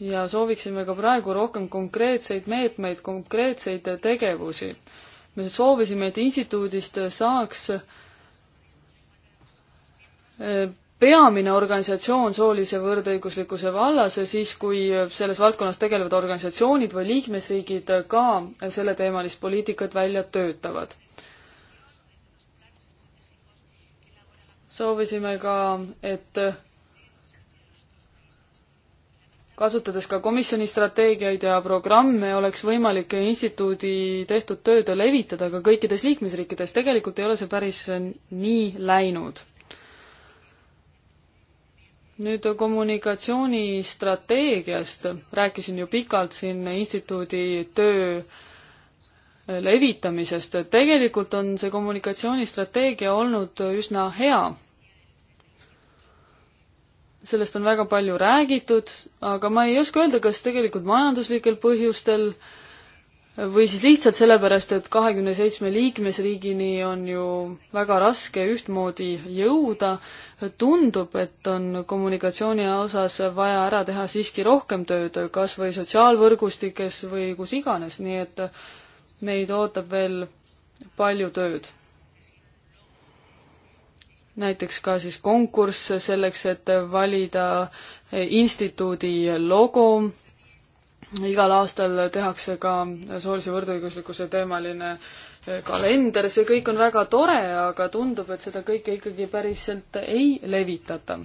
ja sooviksime ka praegu rohkem konkreetseid meetmeid, konkreetseid tegevusi. me soovisime, et instituudist saaks peamine organisatsioon soolise võrdõiguslikkuse vallas, siis kui selles valdkonnas tegelevad organisatsioonid või liikmesriigid ka selleteemalist poliitikat välja töötavad. soovisime ka, et kasutades ka komisjoni strateegiaid ja programme, oleks võimalik instituudi tehtud tööd levitada ka kõikides liikmesriikides, tegelikult ei ole see päris nii läinud nüüd kommunikatsioonistrateegiast rääkisin ju pikalt siin instituudi töö levitamisest, et tegelikult on see kommunikatsioonistrateegia olnud üsna hea. sellest on väga palju räägitud, aga ma ei oska öelda, kas tegelikult majanduslikel põhjustel äh, või siis lihtsalt sellepärast, et kahekümne seitsme liikmesriigini on ju väga raske ühtmoodi jõuda, tundub, et on kommunikatsiooni osas vaja ära teha siiski rohkem tööd, kas või sotsiaalvõrgustikes või kus iganes, nii et meid ootab veel palju tööd. näiteks ka siis konkurss selleks, et valida instituudi logo, igal aastal tehakse ka soolise võrdõiguslikkuse teemaline eh, kalender, see kõik on väga tore, aga tundub, et seda kõike ikkagi päriselt ei levitata.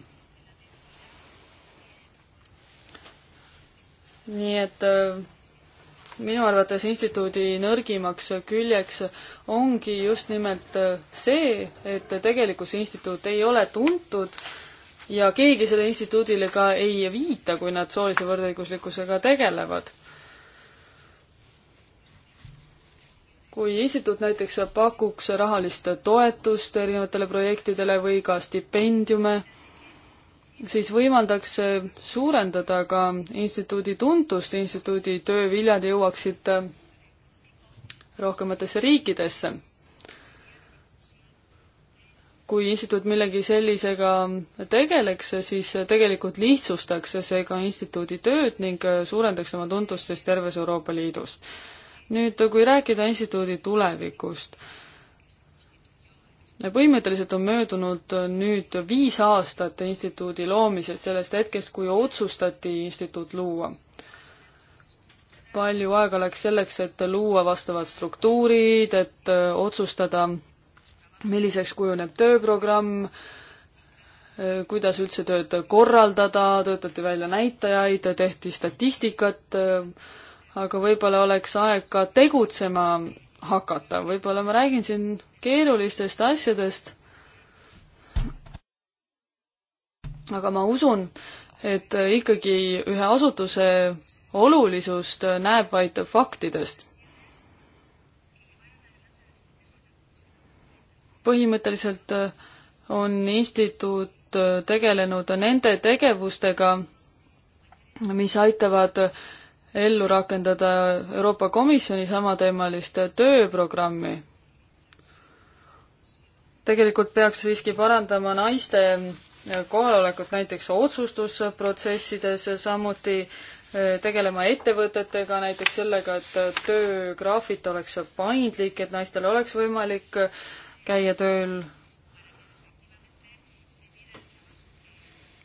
nii et eh, minu arvates instituudi nõrgimaks küljeks ongi just nimelt eh, see, et tegelikult see instituut ei ole tuntud ja keegi selle instituudile ka ei viita, kui nad soolise võrdõiguslikkusega tegelevad. kui instituut näiteks pakuks rahalist toetust erinevatele projektidele või ka stipendiume, siis võimaldaks suurendada ka instituudi tuntust, instituudi tööviljad jõuaksid rohkematesse riikidesse kui instituut millegi sellisega tegeleks, siis tegelikult lihtsustaks see ka instituudi tööd ning suurendaks oma tuntust siis terves Euroopa Liidus. nüüd, kui rääkida instituudi tulevikust, põhimõtteliselt on möödunud nüüd viis aastat instituudi loomisest, sellest hetkest, kui otsustati instituut luua palju aega läks selleks, et luua vastavad struktuurid, et otsustada milliseks kujuneb tööprogramm, kuidas üldse tööd korraldada, töötati välja näitajaid, tehti statistikat, aga võib-olla oleks aeg ka tegutsema hakata, võib-olla ma räägin siin keerulistest asjadest, aga ma usun, et ikkagi ühe asutuse olulisust näeb vaid faktidest põhimõtteliselt äh, on instituut äh, tegelenud nende tegevustega, mis aitavad äh, ellu rakendada Euroopa Komisjoni samateemalist tööprogrammi. tegelikult peaks siiski parandama naiste kohalolekut näiteks otsustusprotsessides, samuti tegelema ettevõtetega, näiteks sellega, et töögraafik oleks paindlik, et naistel oleks võimalik äh, käia tööl.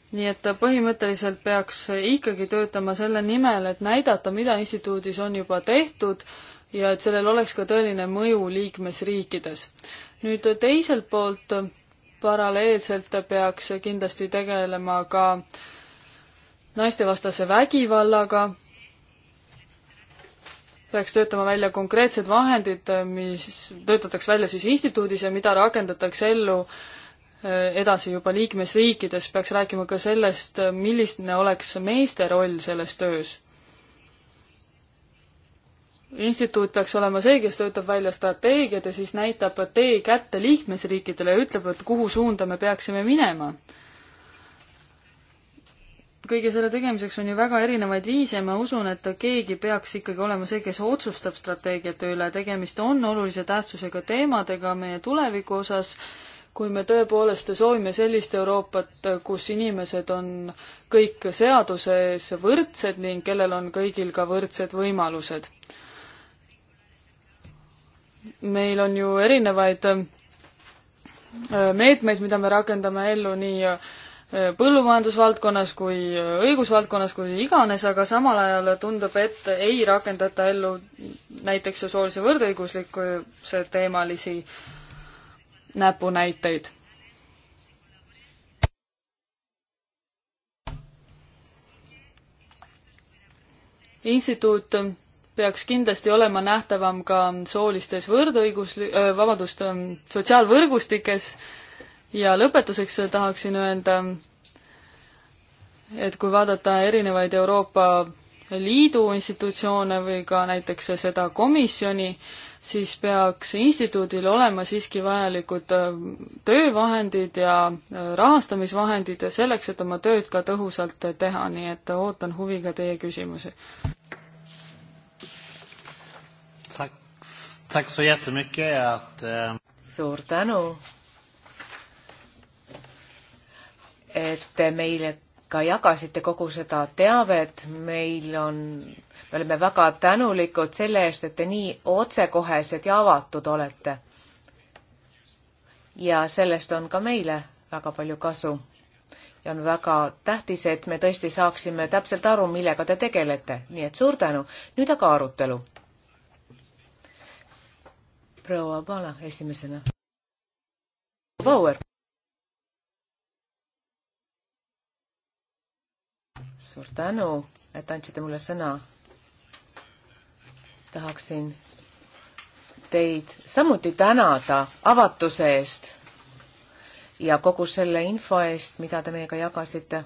nii et põhimõtteliselt peaks ikkagi töötama selle nimel, et näidata, mida instituudis on juba tehtud ja et sellel oleks ka tõeline mõju liikmesriikides. nüüd teiselt poolt paralleelselt peaks kindlasti tegelema ka naistevastase vägivallaga peaks töötama välja konkreetsed vahendid, äh, mis töötatakse välja siis instituudis ja mida rakendatakse ellu äh, edasi juba liikmesriikides, peaks rääkima ka sellest, äh, milline oleks meeste roll selles töös. instituut peaks olema see, kes töötab välja strateegiad ja siis näitab tee kätte liikmesriikidele ja ütleb, et kuhu suunda me peaksime minema kõige selle tegemiseks on ju väga erinevaid viise, ma usun, et keegi peaks ikkagi olema see, kes otsustab strateegiate üle, tegemist on olulise tähtsusega teemadega meie tuleviku osas, kui me tõepoolest soovime sellist Euroopat, kus inimesed on kõik seaduse ees võrdsed ning kellel on kõigil ka võrdsed võimalused. meil on ju erinevaid äh, meetmeid, mida me rakendame ellu nii äh, põllumajandusvaldkonnas kui õigusvaldkonnas, kui iganes, aga samal ajal tundub, et ei rakendata ellu näiteks soolise võrdõiguslikkuse teemalisi näpunäiteid. instituut peaks kindlasti olema nähtavam ka soolistes võrdõigus, äh, vabandust, sotsiaalvõrgustikes, ja lõpetuseks tahaksin öelda, et kui vaadata erinevaid Euroopa Liidu institutsioone või ka näiteks seda komisjoni, siis peaks instituudil olema siiski vajalikud äh, töövahendid ja äh, rahastamisvahendid ja selleks, et oma tööd ka tõhusalt teha, nii et ootan huviga teie küsimusi. Äh, suur tänu et meile ka jagasite kogu seda teavet, meil on, me oleme väga tänulikud selle eest, et te nii otsekohesed ja avatud olete. ja sellest on ka meile väga palju kasu. ja on väga tähtis, et me tõesti saaksime täpselt aru, millega te tegelete, nii et suur tänu. nüüd aga arutelu. proua Pala esimesena. Bauer. suur tänu, et andsite mulle sõna. tahaksin teid samuti tänada avatuse eest ja kogu selle info eest, mida te meiega jagasite.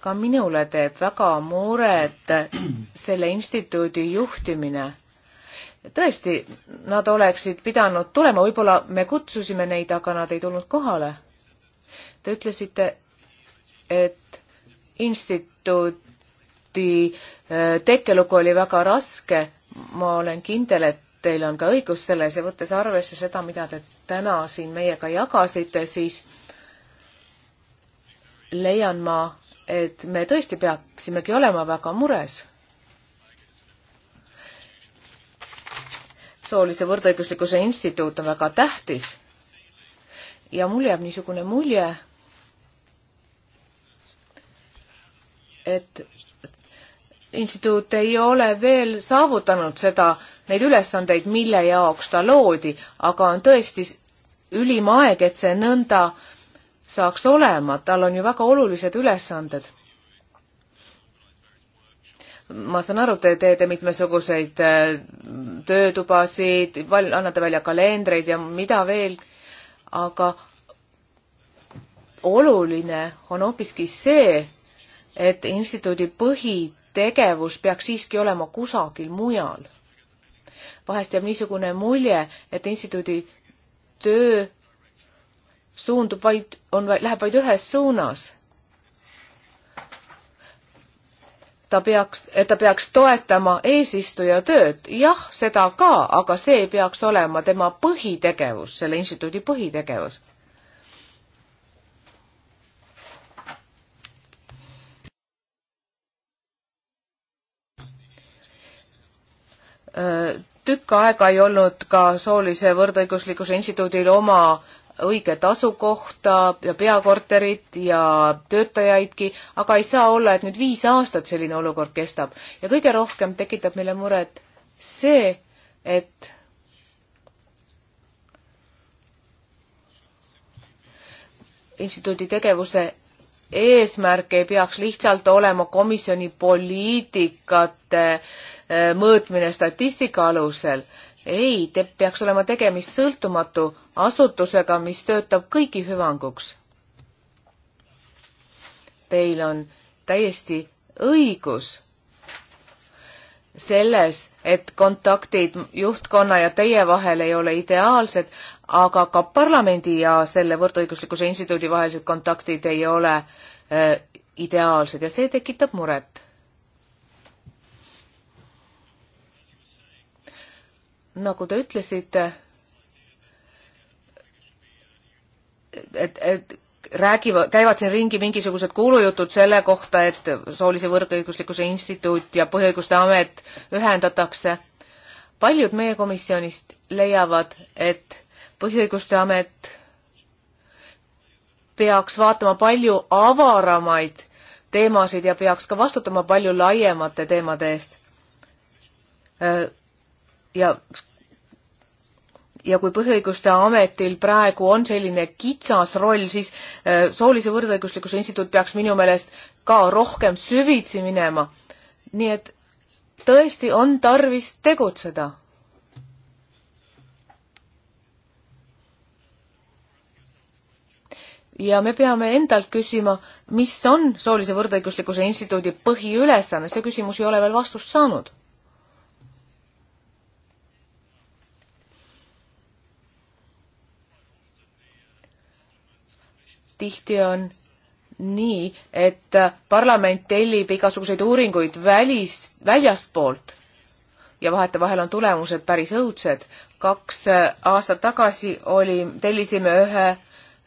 ka minule teeb väga muret selle instituudi juhtimine. tõesti, nad oleksid pidanud tulema, võib-olla me kutsusime neid, aga nad ei tulnud kohale. Te ütlesite, et instituuti äh, tekkelugu oli väga raske. ma olen kindel, et teil on ka õigus selles ja võttes arvesse seda, mida te täna siin meiega jagasite, siis leian ma, et me tõesti peaksimegi olema väga mures soolise võrdõiguslikkuse instituut on väga tähtis. ja mul jääb niisugune mulje, et instituut ei ole veel saavutanud seda, neid ülesandeid, mille jaoks ta loodi, aga on tõesti ülim aeg, et see nõnda saaks olema, tal on ju väga olulised ülesanded. ma saan aru, te teete mitmesuguseid äh, töötubasid, annate välja kalendreid ja mida veel, aga oluline on hoopiski see, et instituudi põhitegevus peaks siiski olema kusagil mujal. vahest jääb niisugune mulje, et instituudi töö suundub vaid, on, läheb vaid ühes suunas. ta peaks, ta peaks toetama eesistuja tööd, jah, seda ka, aga see peaks olema tema põhitegevus, selle instituudi põhitegevus tükk aega ei olnud ka soolise võrdõiguslikkuse instituudil oma õiget asukohta ja peakorterit ja töötajaidki, aga ei saa olla, et nüüd viis aastat selline olukord kestab. ja kõige rohkem tekitab meile muret see, et instituudi tegevuse eesmärk ei peaks lihtsalt olema komisjoni poliitikate eh, mõõtmine statistika alusel. ei, te peaks olema tegemist sõltumatu asutusega, mis töötab kõigi hüvanguks. Teil on täiesti õigus selles, et kontaktid juhtkonna ja teie vahel ei ole ideaalsed, aga ka parlamendi ja selle võrdõiguslikkuse instituudi vahelised kontaktid ei ole äh, ideaalsed ja see tekitab muret. nagu te ütlesite, et, et räägivad, käivad siin ringi mingisugused kuulujutud selle kohta, et soolise võrdõiguslikkuse instituut ja Põhiõiguste Amet ühendatakse. paljud meie komisjonist leiavad, et põhiõiguste amet peaks vaatama palju avaramaid teemasid ja peaks ka vastutama palju laiemate teemade eest. Äh, ja, ja kui Põhiõiguste Ametil praegu on selline kitsas roll, siis äh, soolise võrdõiguslikkuse instituut peaks minu meelest ka rohkem süvitsi minema. nii et tõesti on tarvis tegutseda ja me peame endalt küsima, mis on soolise võrdõiguslikkuse instituudi põhiülesanne, see küsimus ei ole veel vastust saanud. tihti on nii, et parlament tellib igasuguseid uuringuid välis, väljastpoolt ja vahetevahel on tulemused päris õudsed. kaks äh, aastat tagasi oli, tellisime ühe äh,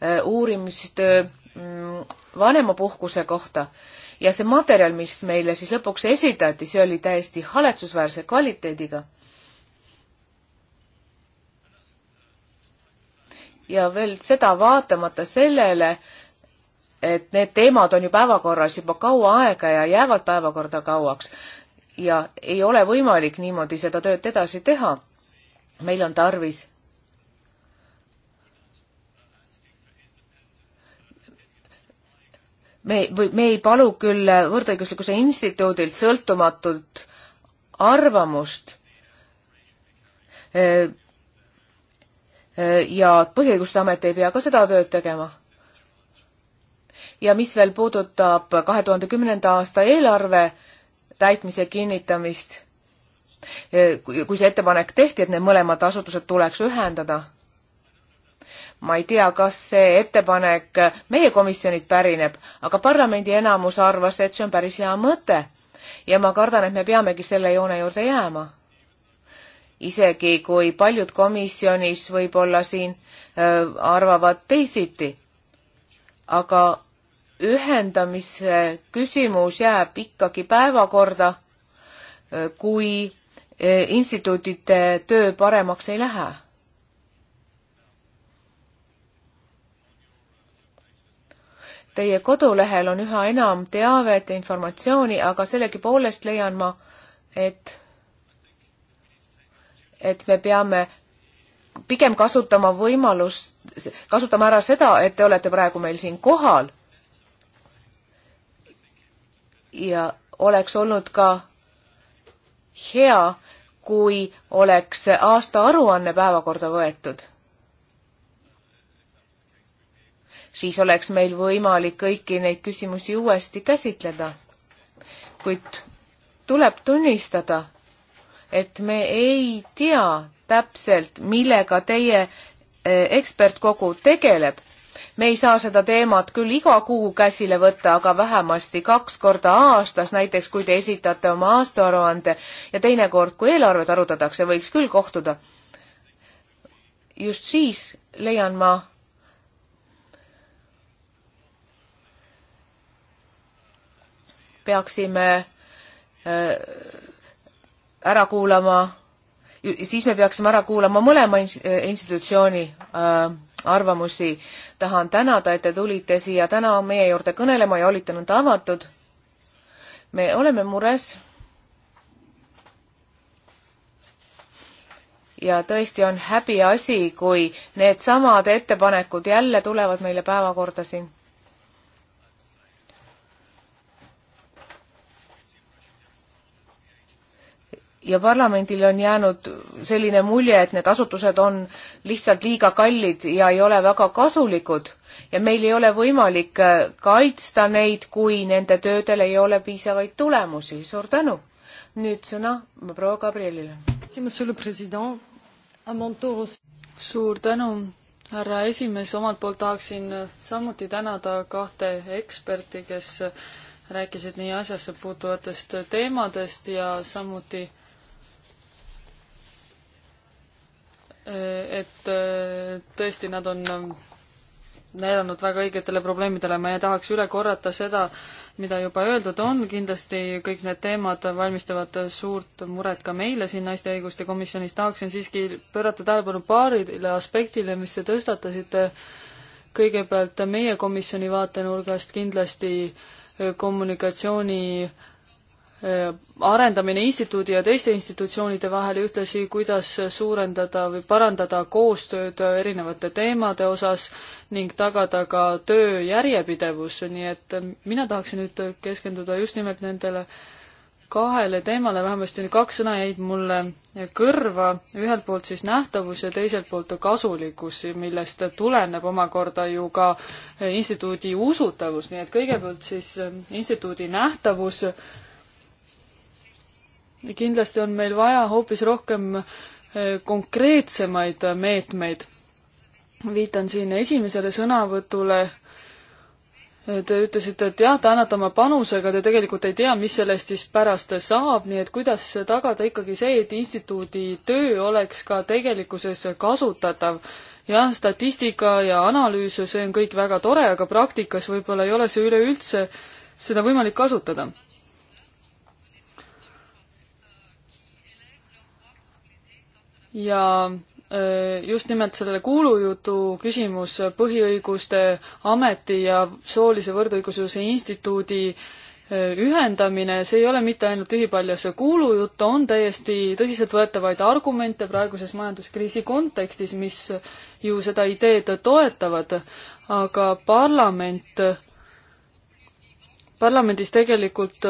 Äh, uurimistöö äh, mm, vanemapuhkuse kohta ja see materjal, mis meile siis lõpuks esitati, see oli täiesti haletsusväärse kvaliteediga. ja veel seda vaatamata sellele, et need teemad on ju päevakorras juba kaua aega ja jäävad päevakorda kauaks ja ei ole võimalik niimoodi seda tööd edasi teha. meil on tarvis me, või me ei palu küll Võrdõiguslikkuse Instituudilt sõltumatut arvamust eh, eh, ja Põhiõiguste Amet ei pea ka seda tööd tegema. ja mis veel puudutab kahe tuhande kümnenda aasta eelarve täitmise kinnitamist, eh, kui see ettepanek tehti, et need mõlemad asutused tuleks ühendada ma ei tea, kas see ettepanek meie komisjonilt pärineb, aga parlamendi enamus arvas, et see on päris hea mõte. ja ma kardan, et me peamegi selle joone juurde jääma. isegi kui paljud komisjonis võib-olla siin öö, arvavad teisiti. aga ühendamise küsimus jääb ikkagi päevakorda, kui instituutide töö paremaks ei lähe Teie kodulehel on üha enam teavet ja informatsiooni, aga sellegipoolest leian ma, et, et me peame pigem kasutama võimalust, kasutama ära seda, et te olete praegu meil siin kohal. ja oleks olnud ka hea, kui oleks aastaaruanne päevakorda võetud siis oleks meil võimalik kõiki neid küsimusi uuesti käsitleda. kuid tuleb tunnistada, et me ei tea täpselt, millega teie eh, ekspertkogu tegeleb. me ei saa seda teemat küll iga kuu käsile võtta, aga vähemasti kaks korda aastas, näiteks kui te esitate oma aastaaruande ja teinekord, kui eelarvet arutatakse, võiks küll kohtuda. just siis leian ma peaksime äh, ära kuulama, siis me peaksime ära kuulama mõlema institutsiooni äh, arvamusi. tahan tänada, et te tulite siia täna meie juurde kõnelema ja olite nõnda avatud. me oleme mures. ja tõesti on häbiasi, kui needsamad ettepanekud jälle tulevad meile päevakorda siin ja parlamendil on jäänud selline mulje, et need asutused on lihtsalt liiga kallid ja ei ole väga kasulikud ja meil ei ole võimalik äh, kaitsta neid, kui nende töödel ei ole piisavaid tulemusi. suur tänu. nüüd sõna proua Gabrielile. suur tänu, härra esimees, omalt poolt tahaksin äh, samuti tänada kahte eksperti, kes äh, rääkisid nii asjasse puutuvatest teemadest ja samuti Eh, et eh, tõesti, nad on eh, näidanud väga õigetele probleemidele, ma ei tahaks üle korrata seda, mida juba öeldud on, kindlasti kõik need teemad valmistavad suurt muret ka meile siin naiste õiguste komisjonis, tahaksin siiski pöörata tähelepanu paarile aspektile, mis te tõstatasite. kõigepealt meie komisjoni vaatenurgast kindlasti kommunikatsiooni Äh, arendamine instituudi ja teiste institutsioonide vahel ja ühtlasi, kuidas suurendada või parandada koostööd erinevate teemade osas ning tagada ka töö järjepidevus, nii et äh, mina tahaksin nüüd keskenduda just nimelt nendele kahele teemale, vähemasti kaks sõna jäid mulle kõrva, ühelt poolt siis nähtavus ja teiselt poolt kasulikkus, millest tuleneb omakorda ju ka äh, instituudi usutavus, nii et kõigepealt siis instituudi nähtavus, kindlasti on meil vaja hoopis rohkem eh, konkreetsemaid meetmeid. viitan siin esimesele sõnavõtule. Eh, te ütlesite, et jah, te annate oma panuse, aga te tegelikult ei tea, mis sellest siis pärast saab, nii et kuidas tagada ikkagi see, et instituudi töö oleks ka tegelikkuses kasutatav jah, statistika ja analüüs, see on kõik väga tore, aga praktikas võib-olla ei ole see üleüldse, seda võimalik kasutada. ja just nimelt sellele kuulujutu küsimus Põhiõiguste Ameti ja Soolise Võrdõiguslikkuse Instituudi ühendamine, see ei ole mitte ainult tühipaljas kuulujutt, on täiesti tõsiseltvõetavaid argumente praeguses majanduskriisi kontekstis, mis ju seda ideed toetavad, aga parlament, parlamendis tegelikult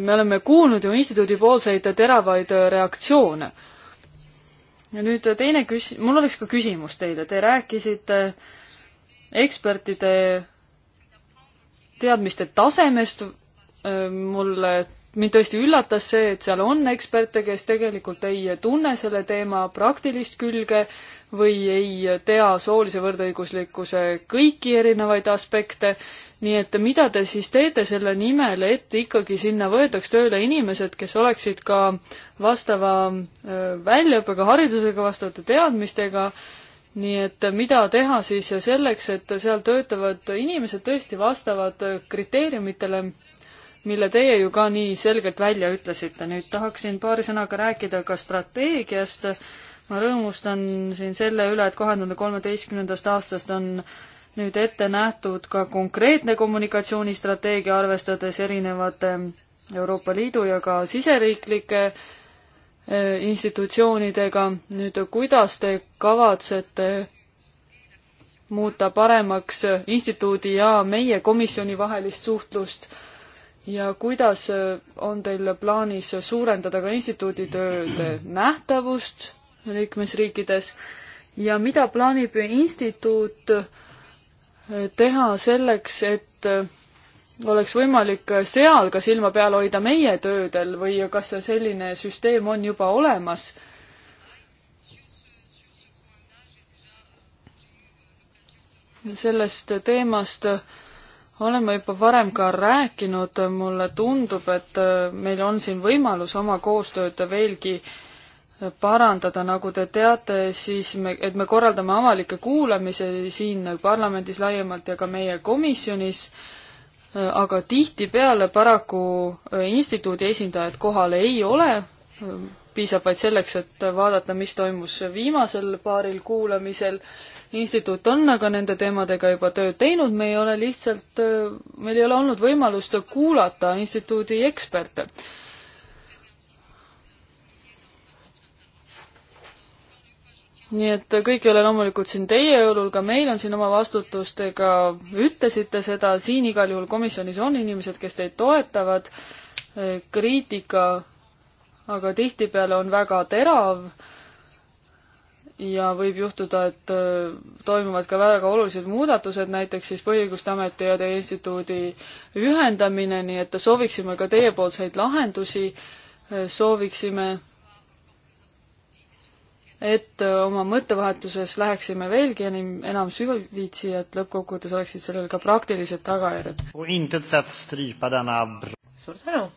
me oleme kuulnud ju instituudi poolseid teravaid reaktsioone. ja nüüd teine küs-, mul oleks ka küsimus teile, te rääkisite ekspertide teadmiste tasemest, äh, mulle mind tõesti üllatas see, et seal on eksperte, kes tegelikult ei tunne selle teema praktilist külge või ei tea soolise võrdõiguslikkuse kõiki erinevaid aspekte. nii et mida te siis teete selle nimel, et ikkagi sinna võetaks tööle inimesed, kes oleksid ka vastava väljaõppega, haridusega, vastavate teadmistega nii et mida teha siis selleks, et seal töötavad inimesed tõesti vastavad kriteeriumitele, mille teie ju ka nii selgelt välja ütlesite. nüüd tahaksin paari sõnaga rääkida ka strateegiast. ma rõõmustan siin selle üle, et kahe tuhande kolmeteistkümnendast aastast on nüüd ette nähtud ka konkreetne kommunikatsioonistrateegia, arvestades erinevate Euroopa Liidu ja ka siseriiklike äh, institutsioonidega. nüüd kuidas te kavatsete muuta paremaks instituudi ja meie komisjoni vahelist suhtlust äh, ja kuidas äh, on teil plaanis suurendada ka instituudi tööde nähtavust liikmesriikides ja mida plaanib instituut äh, teha selleks, et äh, oleks võimalik seal ka silma peal hoida meie töödel või kas selline süsteem on juba olemas? sellest teemast äh, olen ma juba varem ka rääkinud, mulle tundub, et äh, meil on siin võimalus oma koostööd veelgi äh, parandada, nagu te teate, siis me, et me korraldame avalikke kuulamisi siin parlamendis laiemalt ja ka meie komisjonis, äh, aga tihtipeale paraku instituudi esindajad kohal ei ole, piisab vaid selleks, et vaadata, mis toimus viimasel paaril kuulamisel instituut on aga nende teemadega juba tööd teinud, me ei ole lihtsalt, meil ei ole olnud võimalust kuulata instituudi eksperte. nii et kõik ei ole loomulikult siin teie õlul, ka meil on siin oma vastutustega, ütlesite seda, siin igal juhul komisjonis on inimesed, kes teid toetavad, kriitika aga tihtipeale on väga terav ja võib juhtuda, et äh, toimuvad ka väga olulised muudatused, näiteks siis Põhiõiguste Ameti ja Teie Instituudi ühendamine, nii et sooviksime ka teiepoolseid lahendusi, äh, sooviksime, et äh, oma mõttevahetuses läheksime veelgi enim, enam süvitsi, et lõppkokkuvõttes oleksid sellel ka praktilised tagajärjed. suur tänu!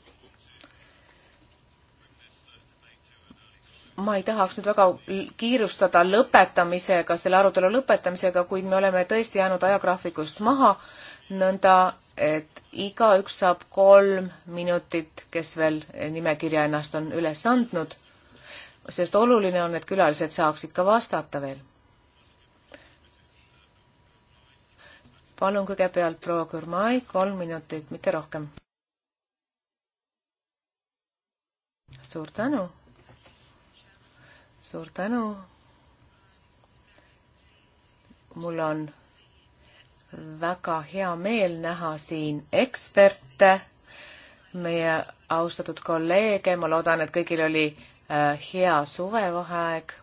ma ei tahaks nüüd väga kiirustada lõpetamisega, selle arutelu lõpetamisega, kuid me oleme tõesti jäänud ajagraafikust maha, nõnda et igaüks saab kolm minutit, kes veel nimekirja ennast on üles andnud, sest oluline on, et külalised saaksid ka vastata veel. palun kõigepealt proua Gürmai, kolm minutit, mitte rohkem. suur tänu suur tänu. mul on väga hea meel näha siin eksperte, meie austatud kolleege, ma loodan, et kõigil oli äh, hea suvevaheaeg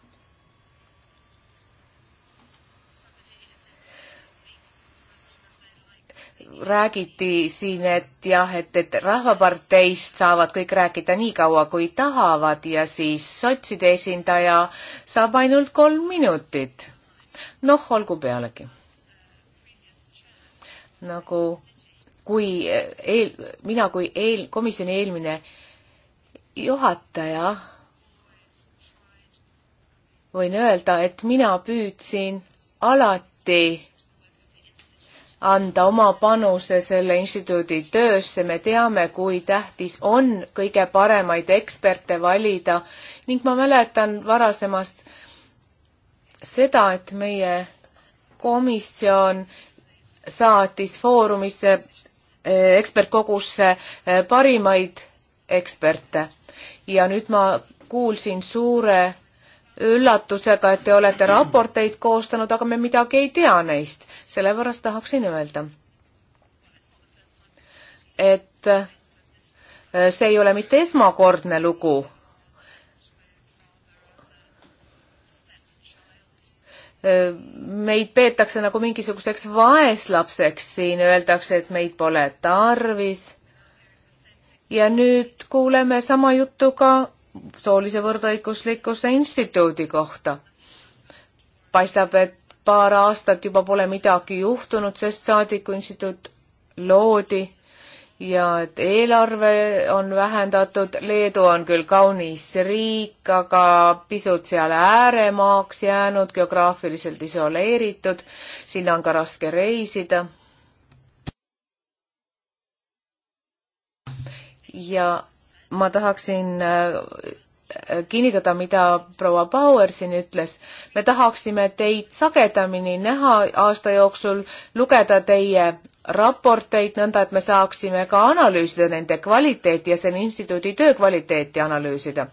räägiti siin, et jah, et, et Rahvaparteist saavad kõik rääkida nii kaua, kui tahavad ja siis sotside esindaja saab ainult kolm minutit. noh, olgu pealegi. nagu kui eel, mina kui eel, komisjoni eelmine juhataja võin öelda, et mina püüdsin alati anda oma panuse selle instituudi töösse, me teame, kui tähtis on kõige paremaid eksperte valida ning ma mäletan varasemast seda, et meie komisjon saatis Foorumisse eh, ekspertkogusse eh, parimaid eksperte ja nüüd ma kuulsin suure üllatusega, et te olete raporteid koostanud, aga me midagi ei tea neist. sellepärast tahaksin öelda, et äh, see ei ole mitte esmakordne lugu. Äh, meid peetakse nagu mingisuguseks vaeslapseks, siin öeldakse, et meid pole tarvis. ja nüüd kuuleme sama juttu ka soolise võrdõiguslikkuse instituudi kohta. paistab, et paar aastat juba pole midagi juhtunud, sest saadikuinstituut loodi ja et eelarve on vähendatud, Leedu on küll kaunis riik, aga pisut seal ääremaaks jäänud, geograafiliselt isoleeritud, sinna on ka raske reisida. ja ma tahaksin äh, kinnitada, mida proua Bauer siin ütles. me tahaksime teid sagedamini näha aasta jooksul, lugeda teie raporteid nõnda, et me saaksime ka analüüsida nende kvaliteeti ja selle instituudi töö kvaliteeti analüüsida.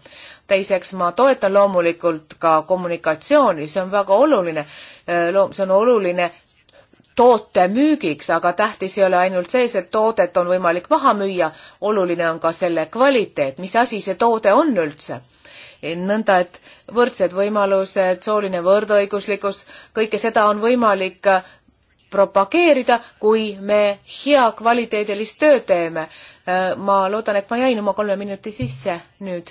teiseks, ma toetan loomulikult ka kommunikatsiooni, see on väga oluline. Äh, see on oluline toote müügiks, aga tähtis ei ole ainult see, see toodet on võimalik maha müüa, oluline on ka selle kvaliteet, mis asi see toode on üldse. nõnda, et võrdsed võimalused, sooline võrdõiguslikkus, kõike seda on võimalik propageerida, kui me hea kvaliteedilist tööd teeme. ma loodan, et ma jäin oma kolme minuti sisse nüüd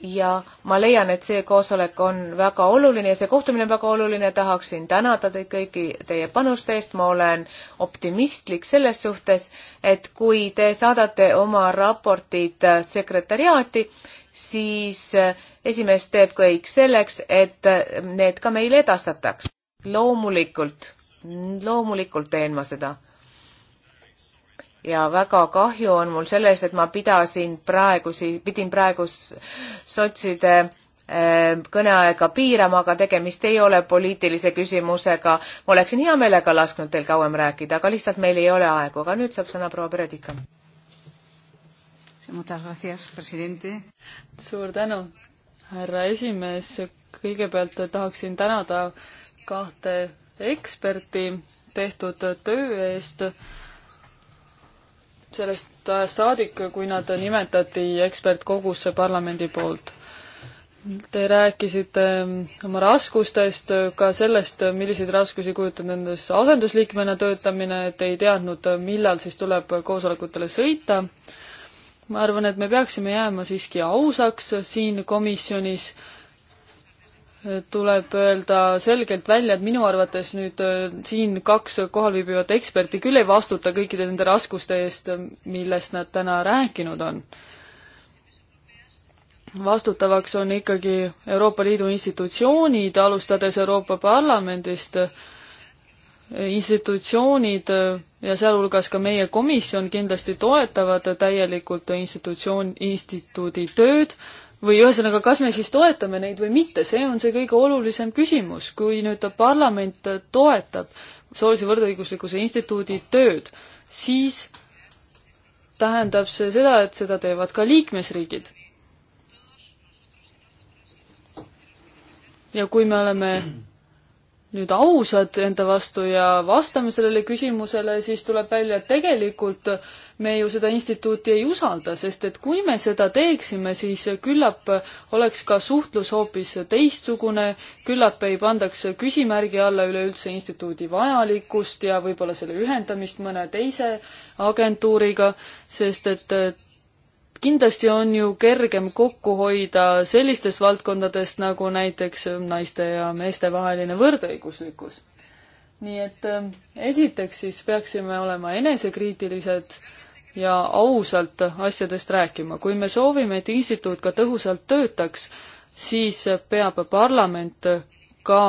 ja ma leian, et see koosolek on väga oluline ja see kohtumine on väga oluline, tahaksin tänada teid kõiki teie panuste eest, ma olen optimistlik selles suhtes, et kui te saadate oma raportid äh, sekretäriaati, siis äh, esimees teeb kõik selleks, et äh, need ka meile edastataks. loomulikult, loomulikult teen ma seda ja väga kahju on mul sellest, et ma pidasin praegu, pidin praegu sotside ehm, kõneaega piirama, aga tegemist ei ole poliitilise küsimusega. ma oleksin hea meelega lasknud teil kauem rääkida, aga lihtsalt meil ei ole aegu, aga nüüd saab sõna proua Peredika. suur tänu, härra esimees. kõigepealt tahaksin tänada kahte eksperti tehtud töö eest sellest ajast äh, saadik, kui nad nimetati ekspertkogusse parlamendi poolt. Te rääkisite ähm, oma raskustest, ka sellest, milliseid raskusi kujutab nendes asendusliikmena töötamine, et ei teadnud, millal siis tuleb koosolekutele sõita. ma arvan, et me peaksime jääma siiski ausaks siin komisjonis tuleb öelda selgelt välja, et minu arvates nüüd äh, siin kaks kohalviibivat eksperti küll ei vastuta kõikide nende raskuste eest, millest nad täna rääkinud on. vastutavaks on ikkagi Euroopa Liidu institutsioonid, alustades Euroopa Parlamendist, institutsioonid äh, ja sealhulgas ka meie komisjon kindlasti toetavad täielikult institutsioon, instituudi tööd, või ühesõnaga, kas me siis toetame neid või mitte, see on see kõige olulisem küsimus, kui nüüd parlament toetab soolise võrdõiguslikkuse instituudi tööd, siis tähendab see seda, et seda teevad ka liikmesriigid. ja kui me oleme nüüd ausad enda vastu ja vastame sellele küsimusele, siis tuleb välja, et tegelikult me ju seda instituuti ei usalda, sest et kui me seda teeksime, siis küllap oleks ka suhtlus hoopis teistsugune, küllap ei pandaks küsimärgi alla üleüldse instituudi vajalikkust ja võib-olla selle ühendamist mõne teise agentuuriga, sest et kindlasti on ju kergem kokku hoida sellistes valdkondades nagu näiteks ähm, naiste ja meeste vaheline võrdõiguslikkus. nii et ähm, esiteks siis peaksime olema enesekriitilised ja ausalt asjadest rääkima. kui me soovime, et instituut ka tõhusalt töötaks, siis peab parlament ka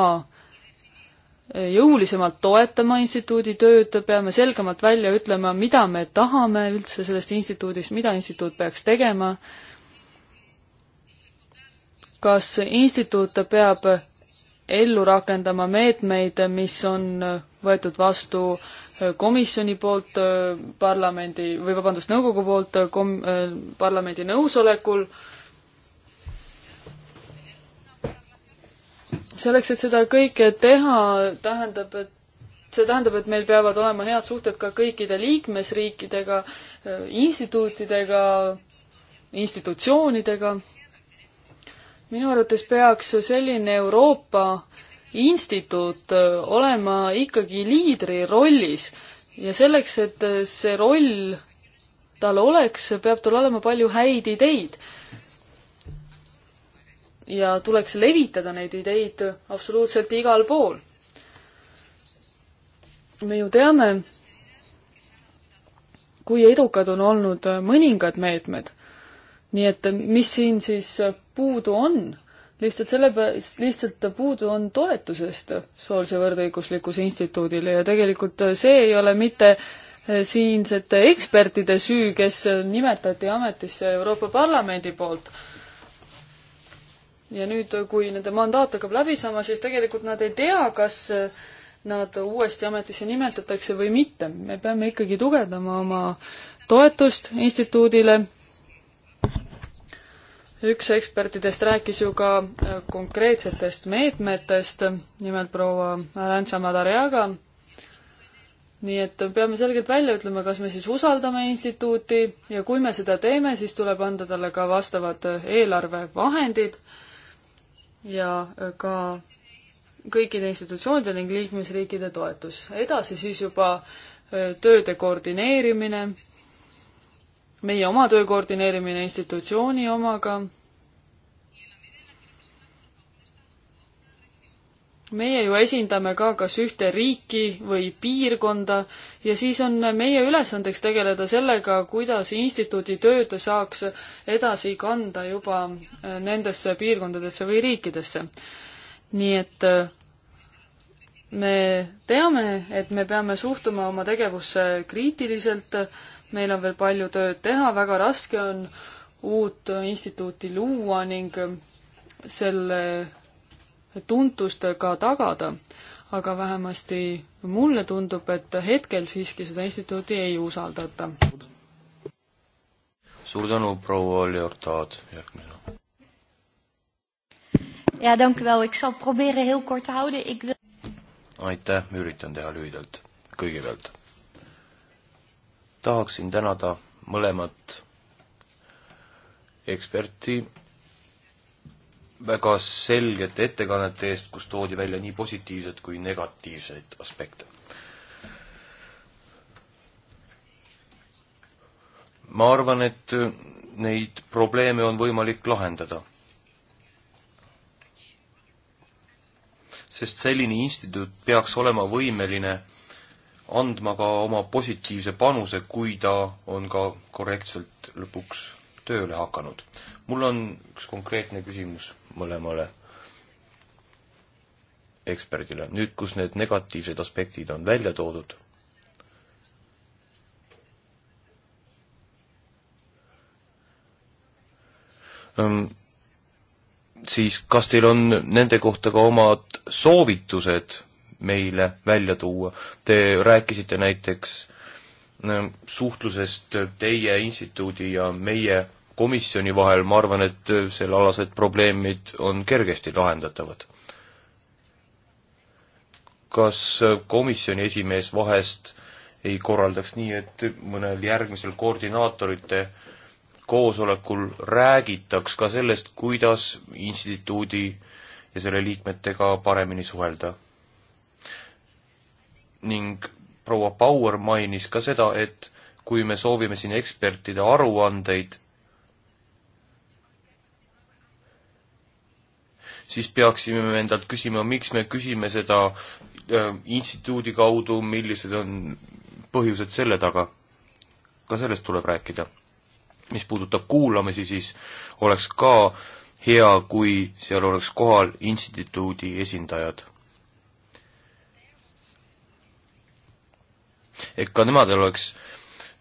jõulisemalt toetama instituudi tööd, peame selgemalt välja ütlema, mida me tahame üldse sellest instituudist, mida instituut peaks tegema. kas instituut peab ellu rakendama meetmeid, mis on võetud vastu komisjoni poolt parlamendi või vabandust, nõukogu poolt kom-, parlamendi nõusolekul äh, selleks, et seda kõike teha, tähendab, et see tähendab, et meil peavad olema head suhted ka kõikide liikmesriikidega, instituutidega, institutsioonidega. minu arvates peaks selline Euroopa instituut olema ikkagi liidri rollis ja selleks, et see roll tal oleks, peab tal olema palju häid ideid ja tuleks levitada neid ideid absoluutselt igal pool. me ju teame, kui edukad on olnud mõningad meetmed. nii et mis siin siis puudu on? lihtsalt sellepärast, lihtsalt puudu on toetusest soolise võrdõiguslikkuse instituudile ja tegelikult see ei ole mitte siinsete ekspertide süü, kes nimetati ametisse Euroopa Parlamendi poolt ja nüüd, kui nende mandaat hakkab läbi saama, siis tegelikult nad ei tea, kas nad uuesti ametisse nimetatakse või mitte. me peame ikkagi tugevdama oma toetust instituudile. üks ekspertidest rääkis ju ka äh, konkreetsetest meetmetest, nimelt proua Arantxa Madariaga. nii et peame selgelt välja ütlema, kas me siis usaldame instituuti ja kui me seda teeme, siis tuleb anda talle ka vastavad äh, eelarvevahendid ja ka kõikide institutsioonide ning liikmesriikide toetus. edasi siis juba äh, tööde koordineerimine, meie oma töö koordineerimine institutsiooni omaga meie ju esindame ka kas ühte riiki või piirkonda ja siis on meie ülesandeks tegeleda sellega, kuidas instituudi tööd saaks edasi kanda juba äh, nendesse piirkondadesse või riikidesse. nii et äh, me teame, et me peame suhtuma oma tegevusse kriitiliselt, meil on veel palju tööd teha, väga raske on uut instituuti luua ning äh, selle tuntust ka tagada. aga vähemasti mulle tundub, et hetkel siiski seda instituuti ei usaldata. suur tänu, proua Olli Ortaad, järgmine. Ja, dank u wel. Ik zal proberen heel kort te houden. Ik wil... Aitäh, üritan teha lühidalt. Kõigepealt tahaksin tänada mõlemat eksperti väga selgete ettekannete eest, kus toodi välja nii positiivseid kui negatiivseid aspekte. ma arvan, et neid probleeme on võimalik lahendada. sest selline instituut peaks olema võimeline andma ka oma positiivse panuse, kui ta on ka korrektselt lõpuks tööle hakanud. mul on üks konkreetne küsimus mõlemale eksperdile. nüüd, kus need negatiivsed aspektid on välja toodud, ähm, siis kas teil on nende kohta ka omad soovitused meile välja tuua? Te rääkisite näiteks ähm, suhtlusest teie instituudi ja meie komisjoni vahel, ma arvan, et sellealased probleemid on kergesti lahendatavad. kas komisjoni esimees vahest ei korraldaks nii, et mõnel järgmisel koordinaatorite koosolekul räägitaks ka sellest, kuidas instituudi ja selle liikmetega paremini suhelda? ning proua Bauer mainis ka seda, et kui me soovime siin ekspertide aruandeid siis peaksime me endalt küsima, miks me küsime seda äh, instituudi kaudu, millised on põhjused selle taga. ka sellest tuleb rääkida. mis puudutab kuulamisi, siis oleks ka hea, kui seal oleks kohal instituudi esindajad. et ka nemadel oleks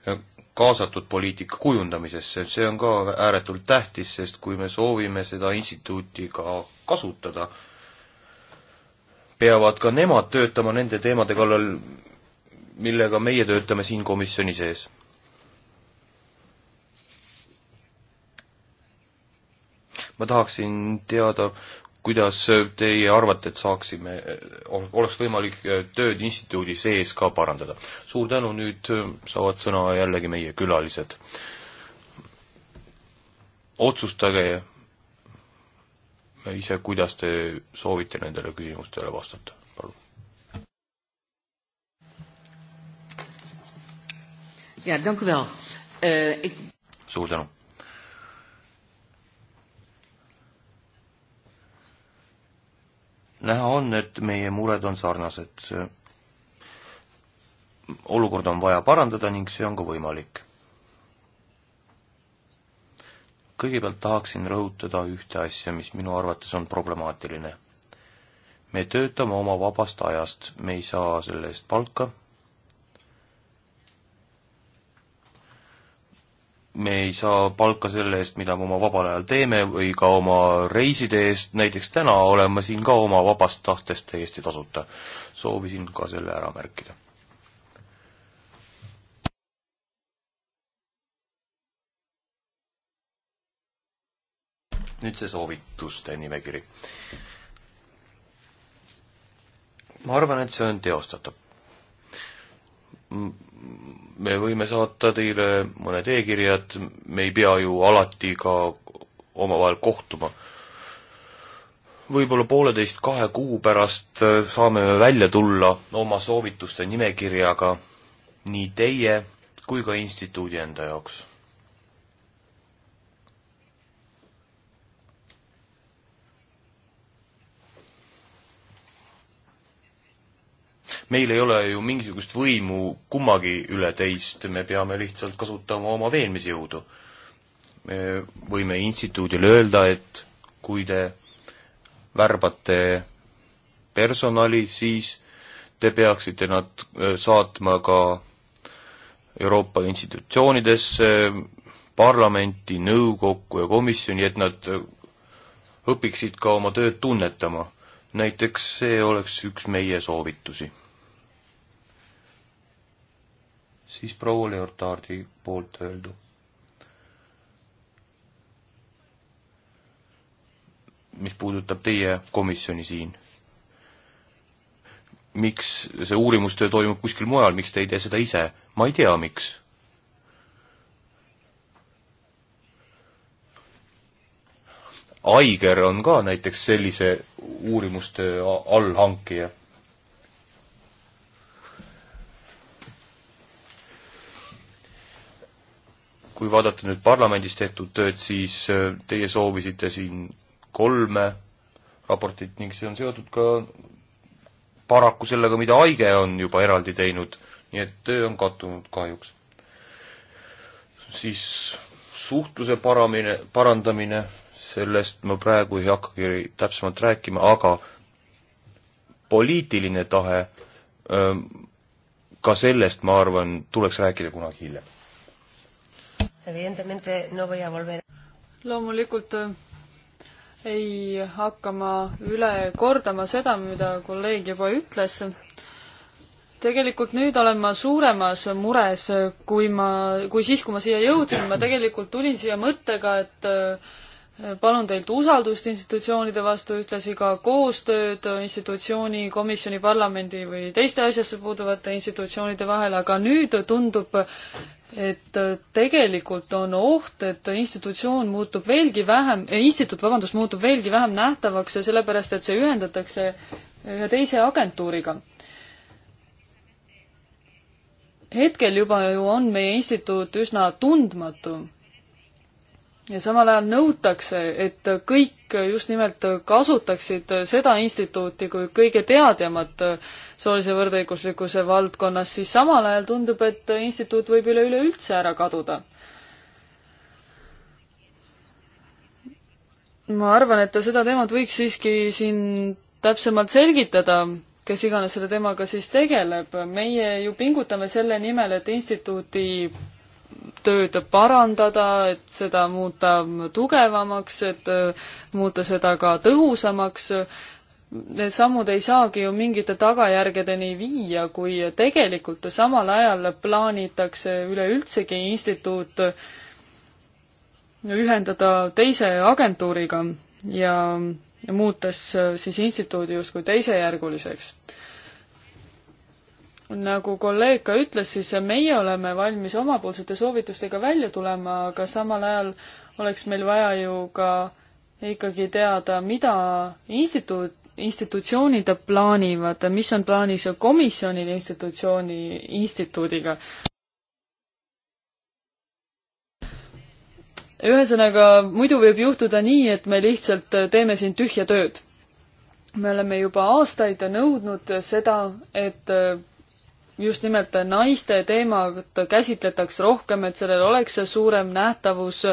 äh, kaasatud poliitika kujundamisesse, see on ka ääretult tähtis, sest kui me soovime seda instituuti ka kasutada, peavad ka nemad töötama nende teemade kallal, millega meie töötame siin komisjoni sees. ma tahaksin teada, kuidas teie arvate, et saaksime, oleks võimalik äh, tööd instituudi sees ka parandada? suur tänu, nüüd äh, saavad sõna jällegi meie külalised. otsustage ise, kuidas te soovite nendele küsimustele vastata, palun. ja, tänku veel. Eh, suur tänu näha on, et meie mured on sarnased. olukorda on vaja parandada ning see on ka võimalik. kõigepealt tahaksin rõhutada ühte asja, mis minu arvates on problemaatiline. me töötame oma vabast ajast, me ei saa selle eest palka me ei saa palka selle eest, mida me oma vabal ajal teeme või ka oma reiside eest, näiteks täna olen ma siin ka oma vabast tahtest täiesti tasuta. soovisin ka selle ära märkida. nüüd see soovituste nimekiri. ma arvan, et see on teostatav me võime saata teile mõned e-kirjad, me ei pea ju alati ka omavahel kohtuma. võib-olla pooleteist-kahe kuu pärast äh, saame me välja tulla oma soovituste nimekirjaga nii teie kui ka instituudi enda jaoks meil ei ole ju mingisugust võimu kummagi üle teist, me peame lihtsalt kasutama oma veenmisjõudu. me võime instituudile öelda, et kui te värbate personali, siis te peaksite nad äh, saatma ka Euroopa institutsioonidesse, parlamenti, nõukokku ja komisjoni, et nad äh, õpiksid ka oma tööd tunnetama. näiteks see oleks üks meie soovitusi siis proua Leotardi poolt öeldu. mis puudutab teie komisjoni siin. miks see uurimustöö toimub kuskil mujal, miks te ei tee seda ise? ma ei tea, miks Aiger on ka näiteks sellise uurimustöö allhankija. kui vaadata nüüd parlamendis tehtud tööd, siis äh, teie soovisite siin kolme raportit ning see on seotud ka paraku sellega, mida Aige on juba eraldi teinud, nii et töö on kattunud kahjuks. siis suhtluse paramine, parandamine, sellest ma praegu ei hakkagi täpsemalt rääkima, aga poliitiline tahe, ähm, ka sellest, ma arvan, tuleks rääkida kunagi hiljem Evidentemente no voy a volver. loomulikult äh, ei hakka ma üle kordama seda, mida kolleeg juba ütles. tegelikult nüüd olen ma suuremas mures, kui ma, kui siis, kui ma siia jõudsin, ma tegelikult tulin siia mõttega, et äh, palun teilt usaldust institutsioonide vastu, ühtlasi ka koostööd institutsiooni, komisjoni, parlamendi või teiste asjasse puuduvate institutsioonide vahel, aga nüüd tundub, et tegelikult on oht, et institutsioon muutub veelgi vähem eh,, instituut, vabandust, muutub veelgi vähem nähtavaks ja sellepärast, et see ühendatakse ühe teise agentuuriga hetkel juba ju on meie instituut üsna tundmatu ja samal ajal nõutakse, et kõik just nimelt kasutaksid seda instituuti kui kõige teadjamat soolise võrdõiguslikkuse valdkonnas, siis samal ajal tundub, et instituut võib üle, üleüldse ära kaduda. ma arvan, et seda teemat võiks siiski siin täpsemalt selgitada, kes iganes selle teemaga siis tegeleb. meie ju pingutame selle nimel, et instituuti tööd parandada, et seda muuta tugevamaks, et äh, muuta seda ka tõhusamaks. Need sammud ei saagi ju mingite tagajärgedeni viia, kui tegelikult samal ajal plaanitakse üleüldsegi instituut ühendada teise agentuuriga ja muutes siis instituudi justkui teisejärguliseks nagu kolleeg ka ütles, siis meie oleme valmis omapoolsete soovitustega välja tulema, aga samal ajal oleks meil vaja ju ka ikkagi teada, mida instituut, institutsioonid plaanivad, mis on plaanis komisjonil institutsiooni, instituudiga. ühesõnaga, muidu võib juhtuda nii, et me lihtsalt teeme siin tühja tööd. me oleme juba aastaid nõudnud seda, et just nimelt naiste teemat käsitletaks rohkem, et sellel oleks suurem nähtavus.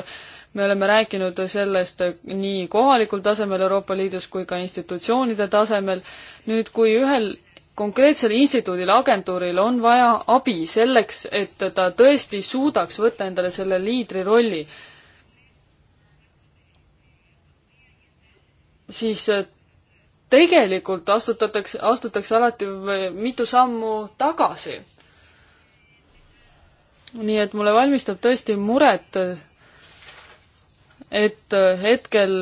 me oleme rääkinud sellest nii kohalikul tasemel Euroopa Liidus kui ka institutsioonide tasemel. nüüd, kui ühel konkreetsel instituudil, agentuuril on vaja abi selleks, et ta tõesti suudaks võtta endale selle liidri rolli, siis tegelikult astutatakse, astutakse alati mitu sammu tagasi. nii et mulle valmistab tõesti muret, et hetkel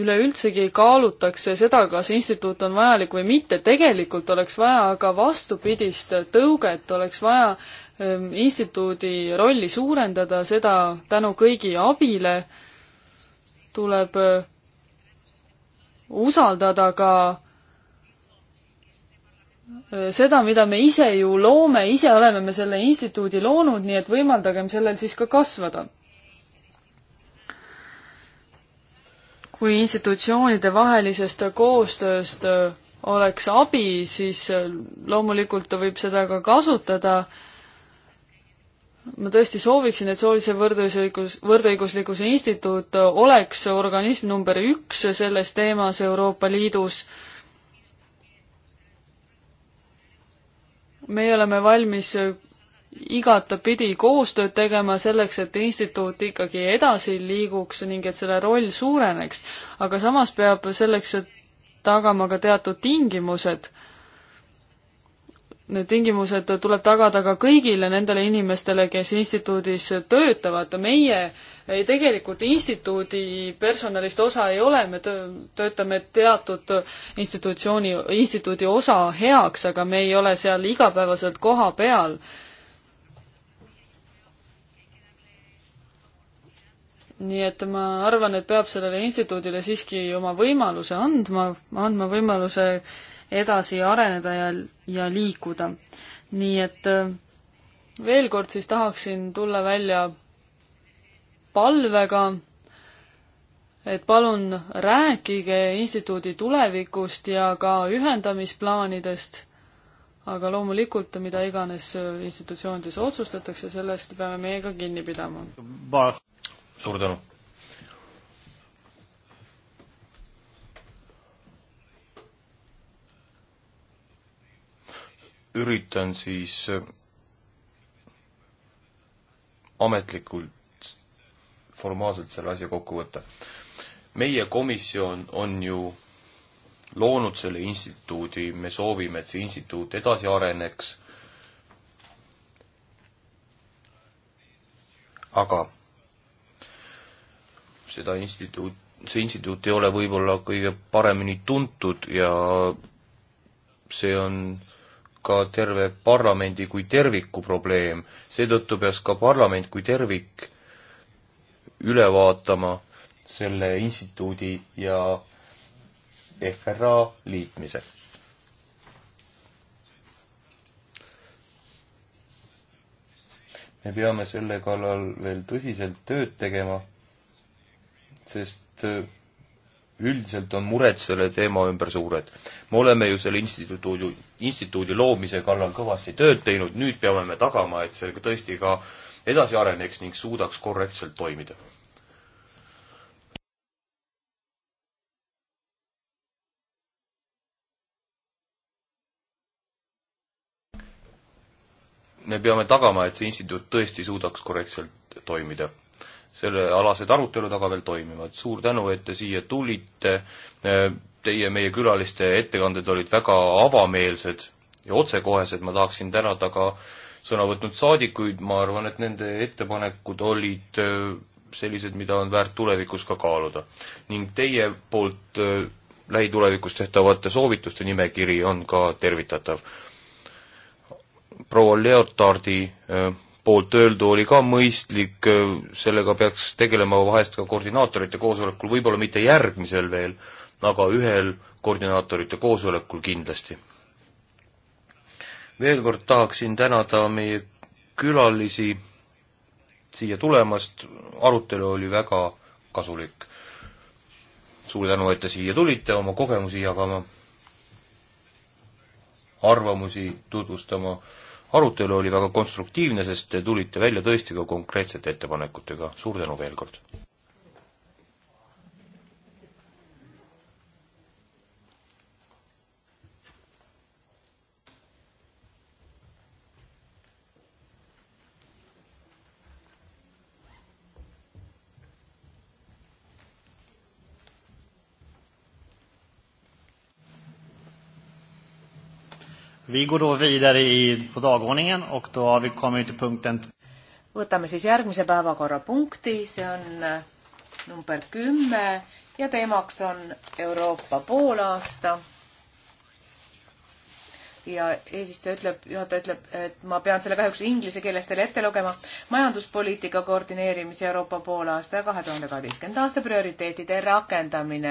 üleüldsegi kaalutakse seda, kas instituut on vajalik või mitte, tegelikult oleks vaja aga vastupidist tõuget, oleks vaja ehm, instituudi rolli suurendada, seda tänu kõigi abile tuleb usaldada ka äh, seda, mida me ise ju loome, ise oleme me selle instituudi loonud, nii et võimaldagem sellel siis ka kasvada. kui institutsioonide vahelisest koostööst äh, oleks abi, siis äh, loomulikult ta võib seda ka kasutada ma tõesti sooviksin, et soolise võrdõigusõigus, võrdõiguslikkuse instituut oleks organism number üks selles teemas Euroopa Liidus. meie oleme valmis igatapidi koostööd tegema selleks, et instituut ikkagi edasi liiguks ning et selle roll suureneks. aga samas peab selleks tagama ka teatud tingimused need tingimused tuleb tagada ka kõigile nendele inimestele, kes instituudis töötavad. meie ei, tegelikult instituudi personalist osa ei ole, me töötame teatud institutsiooni, instituudi osa heaks, aga me ei ole seal igapäevaselt koha peal. nii et ma arvan, et peab sellele instituudile siiski oma võimaluse andma, andma võimaluse äh, edasi areneda ja, ja liikuda. nii et äh, veel kord siis tahaksin tulla välja palvega, et palun rääkige instituudi tulevikust ja ka ühendamisplaanidest aga loomulikult, mida iganes äh, institutsioonides otsustatakse, sellest peame meie ka kinni pidama. suur tänu! üritan siis äh, ametlikult formaalselt selle asja kokku võtta. meie komisjon on ju loonud selle instituudi, me soovime, et see instituut edasi areneks, aga seda instituut, see instituut ei ole võib-olla kõige paremini tuntud ja see on ka terve parlamendi kui terviku probleem, seetõttu peaks ka parlament kui tervik üle vaatama selle instituudi ja FRA liitmise. me peame selle kallal veel tõsiselt tööd tegema, sest üldiselt on mured selle teema ümber suured. me oleme ju selle instituudi, instituudi loomise kallal kõvasti tööd teinud, nüüd peame me tagama, et see tõesti ka edasi areneks ning suudaks korrektselt toimida. me peame tagama, et see instituut tõesti suudaks korrektselt toimida sellealased arutelud aga veel toimivad. suur tänu, et te siia tulite, äh, teie, meie külaliste ettekanded olid väga avameelsed ja otsekohesed, ma tahaksin tänada ka sõna võtnud saadikuid, ma arvan, et nende ettepanekud olid äh, sellised, mida on väärt tulevikus ka kaaluda. ning teie poolt äh, lähitulevikus tehtavate soovituste nimekiri on ka tervitatav. proua Leotardi poolt öeldu oli ka mõistlik, äh, sellega peaks tegelema vahest ka koordinaatorite koosolekul, võib-olla mitte järgmisel veel, aga ühel koordinaatorite koosolekul kindlasti. veel kord tahaksin tänada meie külalisi siia tulemast, arutelu oli väga kasulik. suur tänu, et te siia tulite oma kogemusi jagama, arvamusi tutvustama arutelu oli väga konstruktiivne, sest te tulite välja tõesti ka konkreetsete ettepanekutega, suur tänu veel kord! Vi går då vidare i, på dagordningen och då har vi kommit till punkten. Võtame siis järgmise päevakorrapunkti, see on äh, number kümme ja teemaks on Euroopa poolaasta. ja eesistuja ütleb, juhataja ütleb, et ma pean selle kahjuks inglise keeles teile ette lugema. majanduspoliitika koordineerimise Euroopa poolaasta ja kahe tuhande kaheteistkümnenda aasta prioriteetide rakendamine